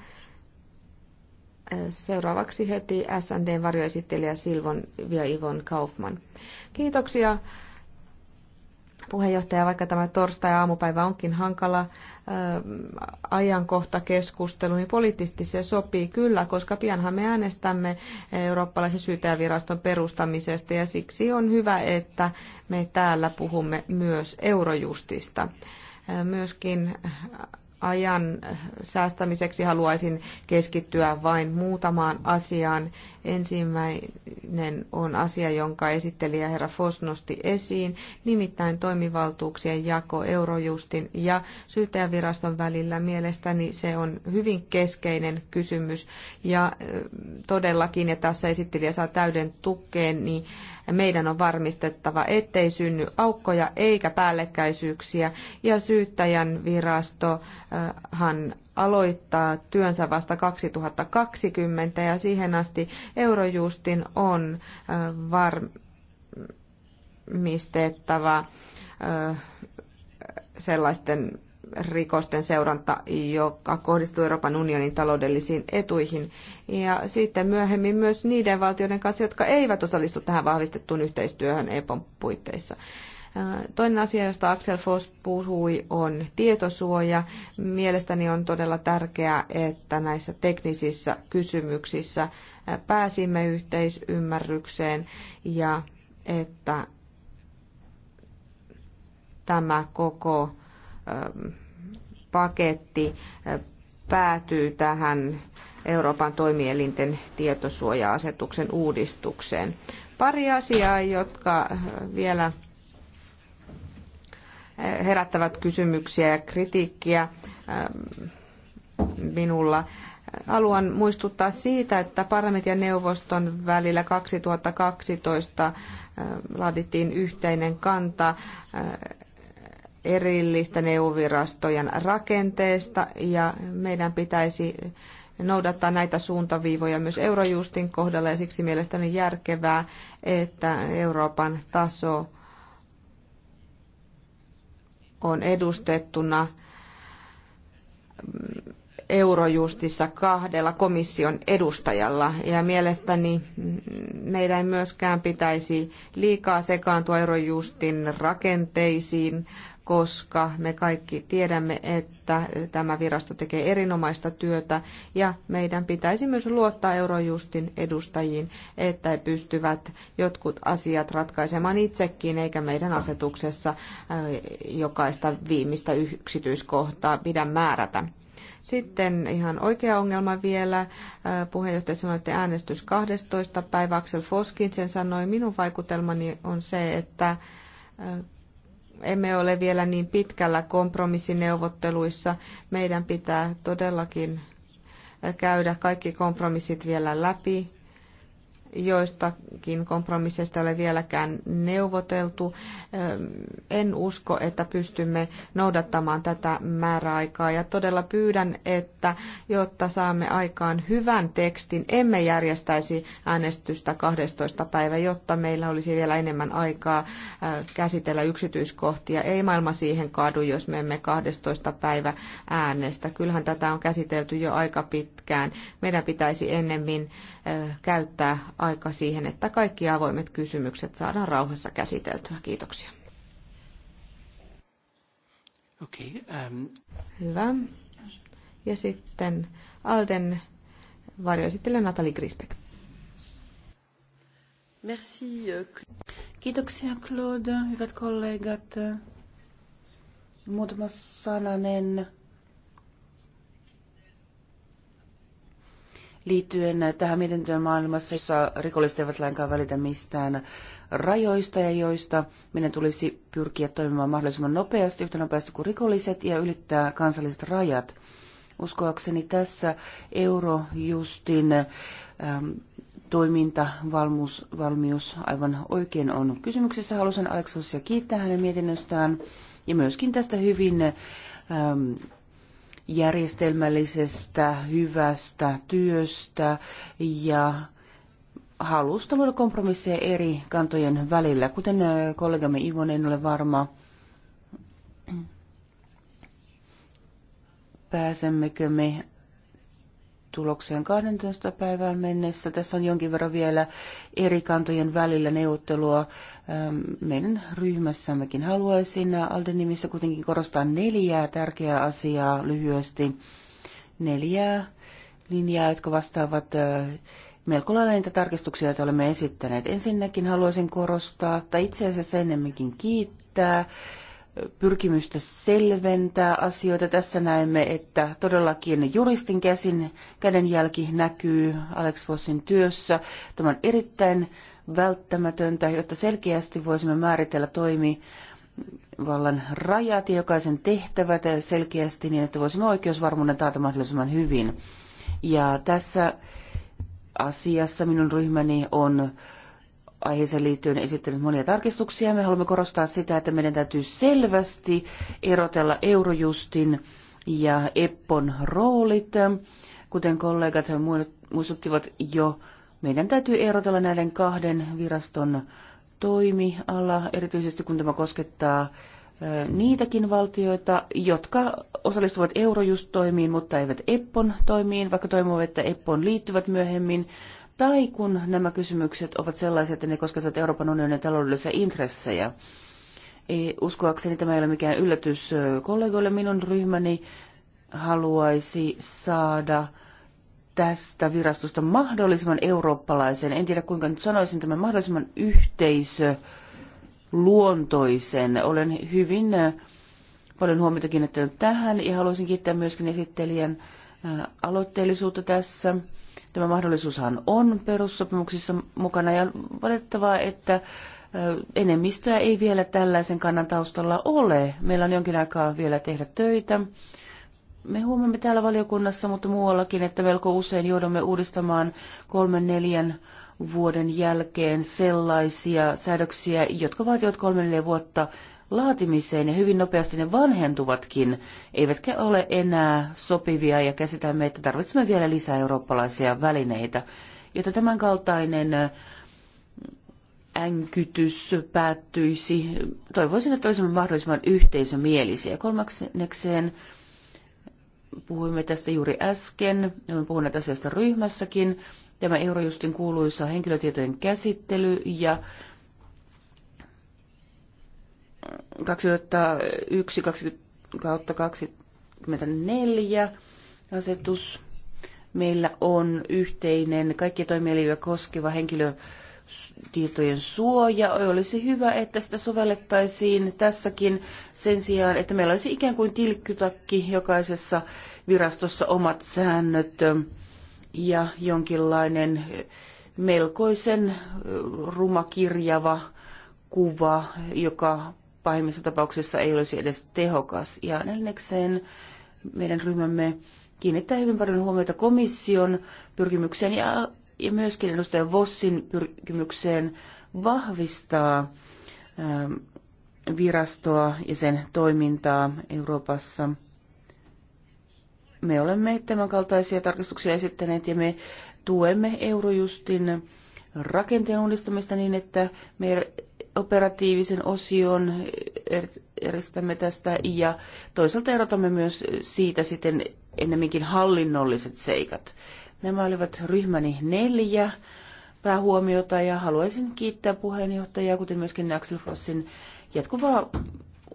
Seuraavaksi heti SNDn varjoesittelijä Silvon ja Ivon Kaufman. Kiitoksia puheenjohtaja, vaikka tämä torstai-aamupäivä onkin hankala ajankohta keskustelu, niin poliittisesti se sopii kyllä, koska pianhan me äänestämme eurooppalaisen syytäjäviraston perustamisesta ja siksi on hyvä, että me täällä puhumme myös eurojustista. Myöskin ajan säästämiseksi haluaisin keskittyä vain muutamaan asiaan. Ensimmäinen on asia, jonka esittelijä herra Fos nosti esiin, nimittäin toimivaltuuksien jako Eurojustin ja syyttäjäviraston välillä. Mielestäni se on hyvin keskeinen kysymys ja todellakin, ja tässä esittelijä saa täyden tukeen, niin meidän on varmistettava, ettei synny aukkoja eikä päällekkäisyyksiä ja syyttäjän virastohan äh, aloittaa työnsä vasta 2020 ja siihen asti Eurojustin on äh, varmistettava äh, sellaisten rikosten seuranta, joka kohdistuu Euroopan unionin taloudellisiin etuihin. Ja sitten myöhemmin myös niiden valtioiden kanssa, jotka eivät osallistu tähän vahvistettuun yhteistyöhön EPON puitteissa. Äh, toinen asia, josta Axel Foss puhui, on tietosuoja. Mielestäni on todella tärkeää, että näissä teknisissä kysymyksissä äh, pääsimme yhteisymmärrykseen ja että tämä koko ähm, paketti päätyy tähän Euroopan toimielinten tietosuoja-asetuksen uudistukseen. Pari asiaa, jotka vielä herättävät kysymyksiä ja kritiikkiä minulla. Haluan muistuttaa siitä, että parlamentin ja neuvoston välillä 2012 laadittiin yhteinen kanta erillistä neuvirastojen rakenteesta ja meidän pitäisi noudattaa näitä suuntaviivoja myös Eurojustin kohdalla ja siksi mielestäni on järkevää, että Euroopan taso on edustettuna Eurojustissa kahdella komission edustajalla. Ja mielestäni meidän ei myöskään pitäisi liikaa sekaantua Eurojustin rakenteisiin, koska me kaikki tiedämme, että tämä virasto tekee erinomaista työtä ja meidän pitäisi myös luottaa Eurojustin edustajiin, että he pystyvät jotkut asiat ratkaisemaan itsekin, eikä meidän asetuksessa äh, jokaista viimeistä yksityiskohtaa pidä määrätä. Sitten ihan oikea ongelma vielä. Äh, puheenjohtaja sanoi, että äänestys 12. päivä Axel Foskin sen sanoi. Minun vaikutelmani on se, että äh, emme ole vielä niin pitkällä kompromissineuvotteluissa. Meidän pitää todellakin käydä kaikki kompromissit vielä läpi joistakin kompromisseista ei ole vieläkään neuvoteltu. En usko, että pystymme noudattamaan tätä määräaikaa ja todella pyydän, että jotta saamme aikaan hyvän tekstin, emme järjestäisi äänestystä 12. päivä, jotta meillä olisi vielä enemmän aikaa äh, käsitellä yksityiskohtia. Ei maailma siihen kaadu, jos me emme 12. päivä äänestä. Kyllähän tätä on käsitelty jo aika pitkään. Meidän pitäisi ennemmin käyttää aika siihen, että kaikki avoimet kysymykset saadaan rauhassa käsiteltyä. Kiitoksia. Okay, um... Hyvä. Ja sitten Alden varjoesittelijä Natali Grisbeck. Merci. Euh, Kiitoksia Claude, hyvät kollegat. Muutama sananen liittyen tähän mietintöön maailmassa, jossa rikolliset eivät lainkaan välitä mistään rajoista ja joista meidän tulisi pyrkiä toimimaan mahdollisimman nopeasti, yhtä nopeasti kuin rikolliset, ja ylittää kansalliset rajat. Uskoakseni tässä Eurojustin ähm, toimintavalmius valmius aivan oikein on kysymyksessä. Haluaisin Aleksosia kiittää hänen mietinnöstään ja myöskin tästä hyvin ähm, järjestelmällisestä hyvästä työstä ja halusta luoda kompromisseja eri kantojen välillä. Kuten äh, kollegamme Ivon, en ole varma, pääsemmekö me tulokseen 12. päivään mennessä. Tässä on jonkin verran vielä eri kantojen välillä neuvottelua. Ähm, meidän ryhmässämmekin haluaisin Alden nimissä kuitenkin korostaa neljää tärkeää asiaa lyhyesti. Neljää linjaa, jotka vastaavat äh, melko lailla niitä tarkistuksia, joita olemme esittäneet. Ensinnäkin haluaisin korostaa, tai itse asiassa ennemminkin kiittää, pyrkimystä selventää asioita. Tässä näemme, että todellakin juristin käsin kädenjälki näkyy Alex Vossin työssä. Tämä on erittäin välttämätöntä, jotta selkeästi voisimme määritellä toimi vallan rajat ja jokaisen tehtävät selkeästi niin, että voisimme oikeusvarmuuden taata mahdollisimman hyvin. Ja tässä asiassa minun ryhmäni on aiheeseen liittyen esittänyt monia tarkistuksia. Me haluamme korostaa sitä, että meidän täytyy selvästi erotella Eurojustin ja Eppon roolit. Kuten kollegat muistuttivat jo, meidän täytyy erotella näiden kahden viraston toimiala, erityisesti kun tämä koskettaa niitäkin valtioita, jotka osallistuvat Eurojust-toimiin, mutta eivät Eppon toimiin, vaikka toimovat, että Eppoon liittyvät myöhemmin tai kun nämä kysymykset ovat sellaisia, että ne koskevat Euroopan unionin taloudellisia intressejä. E, uskoakseni tämä ei ole mikään yllätys kollegoille. Minun ryhmäni haluaisi saada tästä virastosta mahdollisimman eurooppalaisen, en tiedä kuinka nyt sanoisin, tämän mahdollisimman yhteisö luontoisen. Olen hyvin paljon huomiota kiinnittänyt tähän ja haluaisin kiittää myöskin esittelijän aloitteellisuutta tässä. Tämä mahdollisuushan on perussopimuksissa mukana ja valitettavaa, että enemmistöä ei vielä tällaisen kannan taustalla ole. Meillä on jonkin aikaa vielä tehdä töitä. Me huomaamme täällä valiokunnassa, mutta muuallakin, että melko usein joudumme uudistamaan kolmen neljän vuoden jälkeen sellaisia säädöksiä, jotka vaativat kolme neljä vuotta laatimiseen ja hyvin nopeasti ne vanhentuvatkin, eivätkä ole enää sopivia ja käsitämme, että tarvitsemme vielä lisää eurooppalaisia välineitä, jotta tämänkaltainen änkytys päättyisi. Toivoisin, että olisimme mahdollisimman yhteisömielisiä. Kolmaksenekseen puhuimme tästä juuri äsken, olemme puhuneet asiasta ryhmässäkin, tämä Eurojustin kuuluisa henkilötietojen käsittely ja 2001 2024 asetus. Meillä on yhteinen kaikkia toimielivä koskeva henkilötietojen suoja. Olisi hyvä, että sitä sovellettaisiin tässäkin sen sijaan, että meillä olisi ikään kuin tilkkytakki jokaisessa virastossa omat säännöt ja jonkinlainen melkoisen rumakirjava kuva, joka pahimmissa tapauksissa ei olisi edes tehokas. Ja neljännekseen meidän ryhmämme kiinnittää hyvin paljon huomiota komission pyrkimykseen ja, ja myöskin edustaja Vossin pyrkimykseen vahvistaa ähm, virastoa ja sen toimintaa Euroopassa. Me olemme tämänkaltaisia tarkistuksia esittäneet ja me tuemme Eurojustin rakenteen uudistamista niin, että me operatiivisen osion er-, eristämme tästä ja toisaalta erotamme myös siitä sitten ennemminkin hallinnolliset seikat. Nämä olivat ryhmäni neljä päähuomiota ja haluaisin kiittää puheenjohtajaa, kuten myöskin Axel Fossin jatkuvaa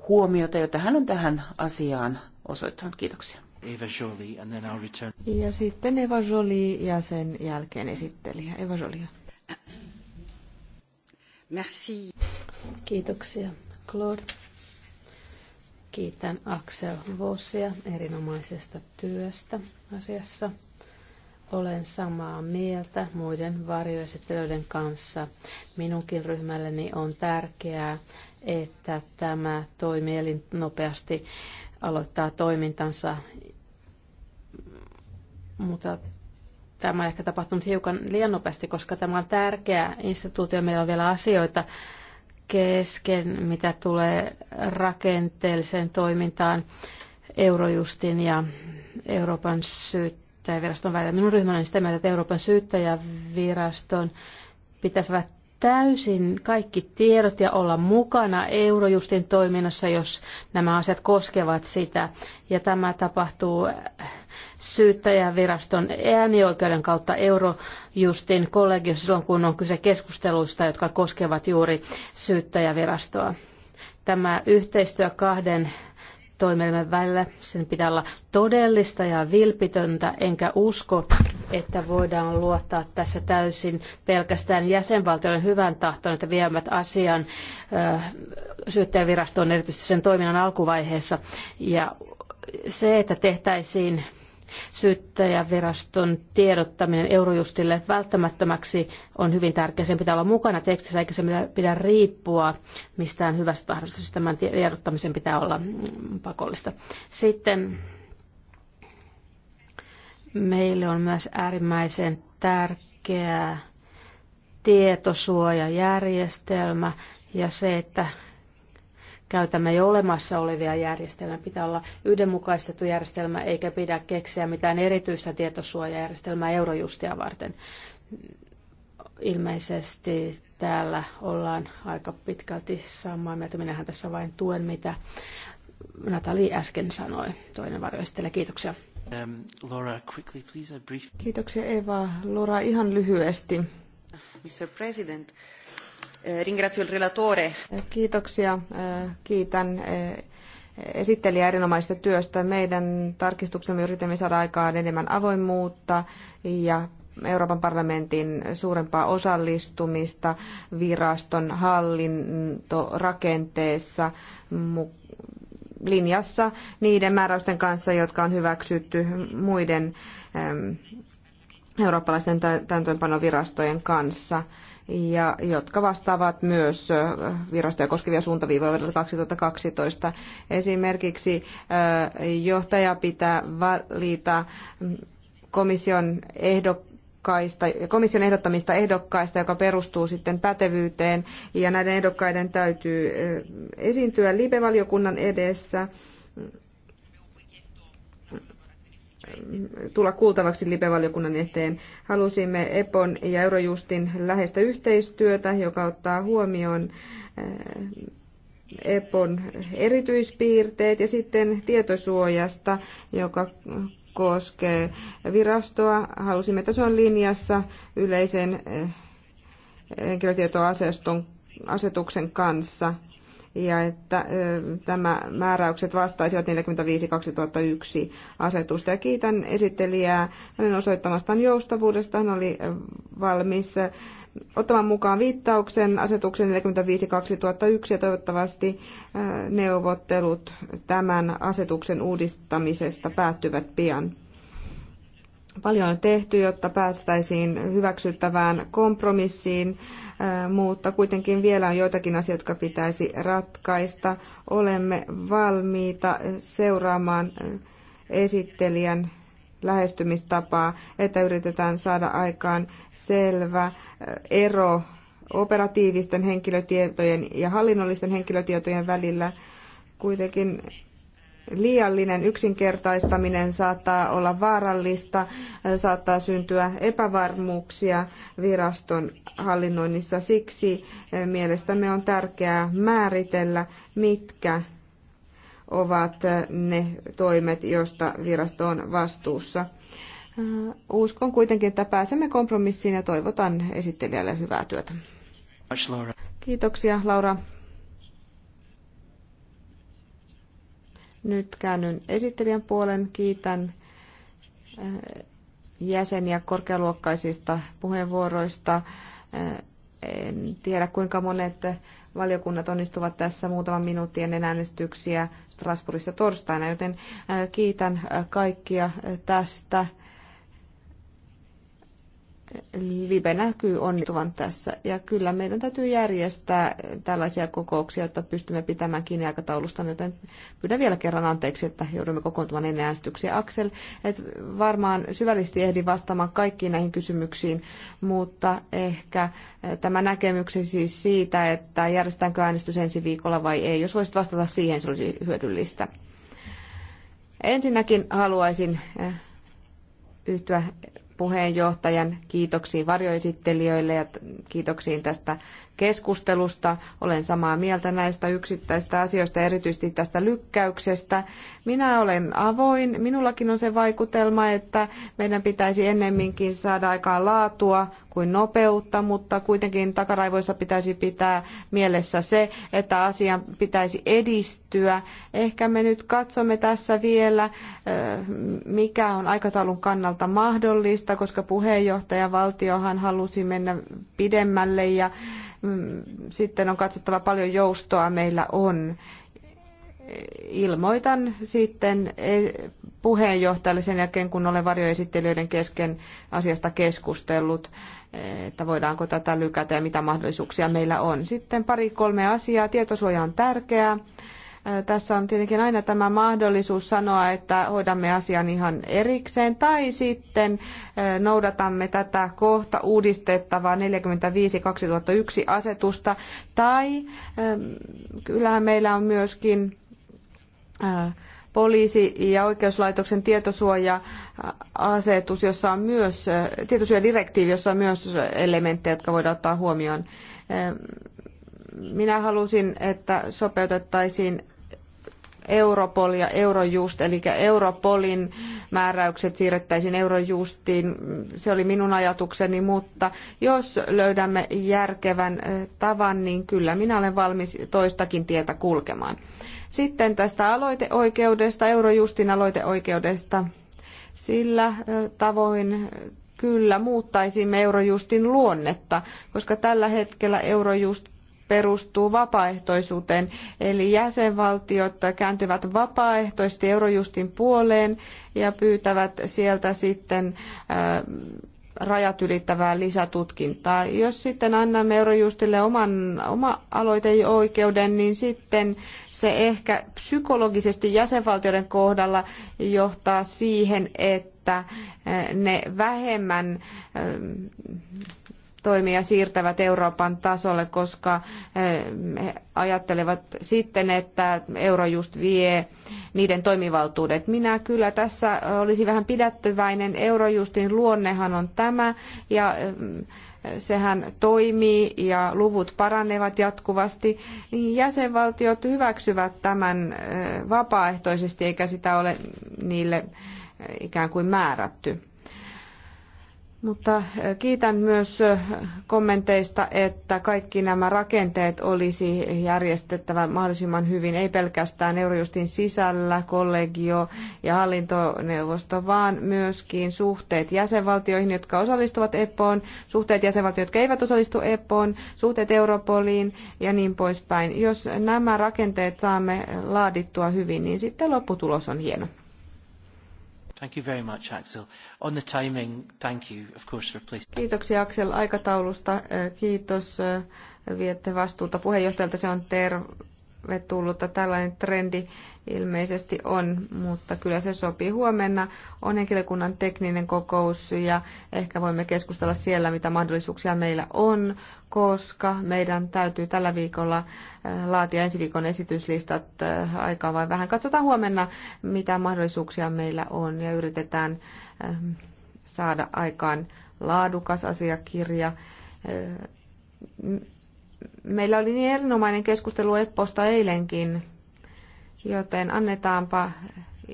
huomiota, jota hän on tähän asiaan osoittanut. Kiitoksia. Eva Jolie, and then I'll return. Ja sitten Eva Jolie ja sen jälkeen esittelijä. Eva Jolie. Merci. Kiitoksia, Claude. Kiitän Axel Vossia erinomaisesta työstä asiassa. Olen samaa mieltä muiden varjoesittelyiden kanssa. Minunkin ryhmälleni on tärkeää, että tämä toimielin nopeasti aloittaa toimintansa, mutta tämä on ehkä tapahtunut hiukan liian nopeasti, koska tämä on tärkeä instituutio. Meillä on vielä asioita kesken, mitä tulee rakenteelliseen toimintaan Eurojustin ja Euroopan syyttäjäviraston välillä. Minun ryhmäni on sitä mieltä, että Euroopan syyttäjäviraston pitäisi olla täysin kaikki tiedot ja olla mukana Eurojustin toiminnassa, jos nämä asiat koskevat sitä. Ja tämä tapahtuu syyttäjäviraston äänioikeuden kautta Eurojustin kollegiossa silloin, kun on kyse keskusteluista, jotka koskevat juuri syyttäjävirastoa. Tämä yhteistyö kahden toimielimen välillä. Sen pitää olla todellista ja vilpitöntä, enkä usko, että voidaan luottaa tässä täysin pelkästään jäsenvaltioiden hyvän tahtoon, että viemät asian syyttäjävirastoon erityisesti sen toiminnan alkuvaiheessa. Ja se, että tehtäisiin syyttäjäviraston tiedottaminen Eurojustille välttämättömäksi on hyvin tärkeä. Sen pitää olla mukana tekstissä, eikä se pidä riippua mistään hyvästä tahdosta. Siis tämän tiedottamisen pitää olla pakollista. Sitten meille on myös äärimmäisen tärkeää tietosuojajärjestelmä ja se, että käytämme jo olemassa olevia järjestelmiä. Pitää olla yhdenmukaistettu järjestelmä, eikä pidä keksiä mitään erityistä tietosuojajärjestelmää eurojustia varten. Ilmeisesti täällä ollaan aika pitkälti samaa mieltä. Minähän tässä vain tuen, mitä Natali äsken sanoi. Toinen varjoistelija. Kiitoksia. Um, Laura, quickly, please, a brief... Kiitoksia Eva. Laura, ihan lyhyesti. Mr. President, Eh, ringrazio il relatore. Kiitoksia. Eh, kiitän eh, esittelijä erinomaisesta työstä. Meidän tarkistuksemme yritämme saada aikaan enemmän avoimuutta ja Euroopan parlamentin suurempaa osallistumista viraston hallintorakenteessa linjassa niiden määräysten kanssa, jotka on hyväksytty muiden eurooppalaisten täytäntöönpanovirastojen kanssa ja jotka vastaavat myös virastoja koskevia suuntaviivoja vuodelta 2012. Esimerkiksi johtaja pitää valita komission ehdokkaan komission ehdottamista ehdokkaista, joka perustuu sitten pätevyyteen, ja näiden ehdokkaiden täytyy esiintyä libevaliokunnan edessä tulla kuultavaksi Libevaliokunnan eteen. Halusimme EPON ja Eurojustin läheistä yhteistyötä, joka ottaa huomioon eh, EPON erityispiirteet ja sitten tietosuojasta, joka koskee virastoa. Halusimme, että se on linjassa yleisen eh, henkilötietoasetuksen kanssa ja että tämä määräykset vastaisivat 45-2001 asetusta. Ja kiitän esittelijää hänen osoittamastaan joustavuudesta. Hän oli valmis ottamaan mukaan viittauksen asetuksen 45-2001 ja toivottavasti neuvottelut tämän asetuksen uudistamisesta päättyvät pian. Paljon on tehty, jotta päästäisiin hyväksyttävään kompromissiin mutta kuitenkin vielä on joitakin asioita, jotka pitäisi ratkaista. Olemme valmiita seuraamaan esittelijän lähestymistapaa, että yritetään saada aikaan selvä ero operatiivisten henkilötietojen ja hallinnollisten henkilötietojen välillä. Kuitenkin liiallinen yksinkertaistaminen saattaa olla vaarallista, äh, saattaa syntyä epävarmuuksia viraston hallinnoinnissa. Siksi äh, mielestämme on tärkeää määritellä, mitkä ovat äh, ne toimet, joista virasto on vastuussa. Uskon kuitenkin, että pääsemme kompromissiin ja toivotan esittelijälle hyvää työtä. Kiitoksia, Laura. Nyt käännyn esittelijän puolen. Kiitän eh, jäseniä korkealuokkaisista puheenvuoroista. Eh, en tiedä kuinka monet valiokunnat onnistuvat tässä muutaman minuutin ennen äänestyksiä Strasbourgissa torstaina, joten eh, kiitän kaikkia tästä live näkyy onnistuvan tässä. Ja kyllä meidän täytyy järjestää tällaisia kokouksia, jotta pystymme pitämään kiinni aikataulusta, joten pyydän vielä kerran anteeksi, että joudumme kokoontumaan ennen äänestyksiä. Aksel, et varmaan syvällisesti ehdi vastaamaan kaikkiin näihin kysymyksiin, mutta ehkä eh, tämä näkemyksen siis siitä, että järjestetäänkö äänestys ensi viikolla vai ei, jos voisit vastata siihen, se olisi hyödyllistä. Ensinnäkin haluaisin eh, yhtyä puheenjohtajan kiitoksiin varjoesittelijöille ja kiitoksiin tästä keskustelusta. Olen samaa mieltä näistä yksittäisistä asioista, erityisesti tästä lykkäyksestä. Minä olen avoin. Minullakin on se vaikutelma, että meidän pitäisi ennemminkin saada aikaan laatua kuin nopeutta, mutta kuitenkin takaraivoissa pitäisi pitää mielessä se, että asian pitäisi edistyä. Ehkä me nyt katsomme tässä vielä, eh, mikä on aikataulun kannalta mahdollista, koska puheenjohtajavaltiohan halusi mennä pidemmälle ja Mm, sitten on katsottava paljon joustoa meillä on. Ilmoitan sitten e, puheenjohtajalle sen jälkeen, kun olen varjoesittelijöiden kesken asiasta keskustellut, e, että voidaanko tätä lykätä ja mitä mahdollisuuksia meillä on. Sitten pari kolme asiaa. Tietosuoja on tärkeää tässä on tietenkin aina tämä mahdollisuus sanoa, että hoidamme asian ihan erikseen, tai sitten noudatamme tätä kohta uudistettavaa 45-2001 asetusta, tai kyllähän meillä on myöskin poliisi- ja oikeuslaitoksen tietosuoja-asetus, jossa on myös, tietosuojadirektiivi, jossa on myös elementtejä, jotka voidaan ottaa huomioon. Minä halusin, että sopeutettaisiin Europol ja Eurojust, eli Europolin määräykset siirrettäisiin Eurojustiin. Se oli minun ajatukseni, mutta jos löydämme järkevän tavan, niin kyllä minä olen valmis toistakin tietä kulkemaan. Sitten tästä aloiteoikeudesta, Eurojustin aloiteoikeudesta. Sillä tavoin kyllä muuttaisimme Eurojustin luonnetta, koska tällä hetkellä Eurojust perustuu vapaaehtoisuuteen, eli jäsenvaltiot kääntyvät vapaaehtoisesti Eurojustin puoleen ja pyytävät sieltä sitten äh, rajat ylittävää lisätutkintaa. Jos sitten annamme Eurojustille oman oma aloiteoikeuden, niin sitten se ehkä psykologisesti jäsenvaltioiden kohdalla johtaa siihen, että äh, ne vähemmän äh, toimia siirtävät Euroopan tasolle, koska eh, he ajattelevat sitten, että euro just vie niiden toimivaltuudet. Minä kyllä tässä olisi vähän pidättyväinen. Eurojustin luonnehan on tämä ja eh, sehän toimii ja luvut paranevat jatkuvasti, niin jäsenvaltiot hyväksyvät tämän eh, vapaaehtoisesti eikä sitä ole niille ikään kuin määrätty. Mutta eh, kiitän myös eh, kommenteista, että kaikki nämä rakenteet olisi järjestettävä mahdollisimman hyvin, ei pelkästään Eurojustin sisällä, kollegio ja hallintoneuvosto, vaan myöskin suhteet jäsenvaltioihin, jotka osallistuvat EPOon, suhteet jäsenvaltioihin, jotka eivät osallistu EPOon, suhteet Europoliin ja niin poispäin. Jos nämä rakenteet saamme laadittua hyvin, niin sitten lopputulos on hieno. Thank you very much, Axel. On the timing, thank you, of course, for placing... Kiitoksia Axel aikataulusta. Äh, kiitos äh, viette vastuuta puheenjohtajalta. Se on tervetullutta tällainen trendi ilmeisesti on, mutta kyllä se sopii. Huomenna on henkilökunnan tekninen kokous ja ehkä voimme keskustella siellä, mitä mahdollisuuksia meillä on, koska meidän täytyy tällä viikolla äh, laatia ensi viikon esityslistat äh, aikaa vai vähän. Katsotaan huomenna, mitä mahdollisuuksia meillä on ja yritetään ähm, saada aikaan laadukas asiakirja. Äh, meillä oli niin erinomainen keskustelu Epposta eilenkin Joten annetaanpa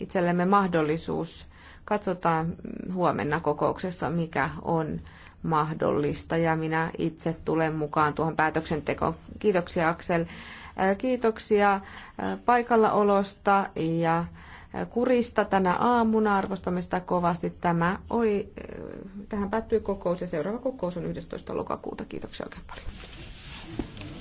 itsellemme mahdollisuus. Katsotaan huomenna kokouksessa, mikä on mahdollista ja minä itse tulen mukaan tuohon päätöksentekoon. Kiitoksia Aksel. Kiitoksia paikallaolosta ja kurista tänä aamuna. Arvostamme sitä kovasti. Tämä oli, tähän päättyy kokous ja seuraava kokous on 11. lokakuuta. Kiitoksia oikein paljon.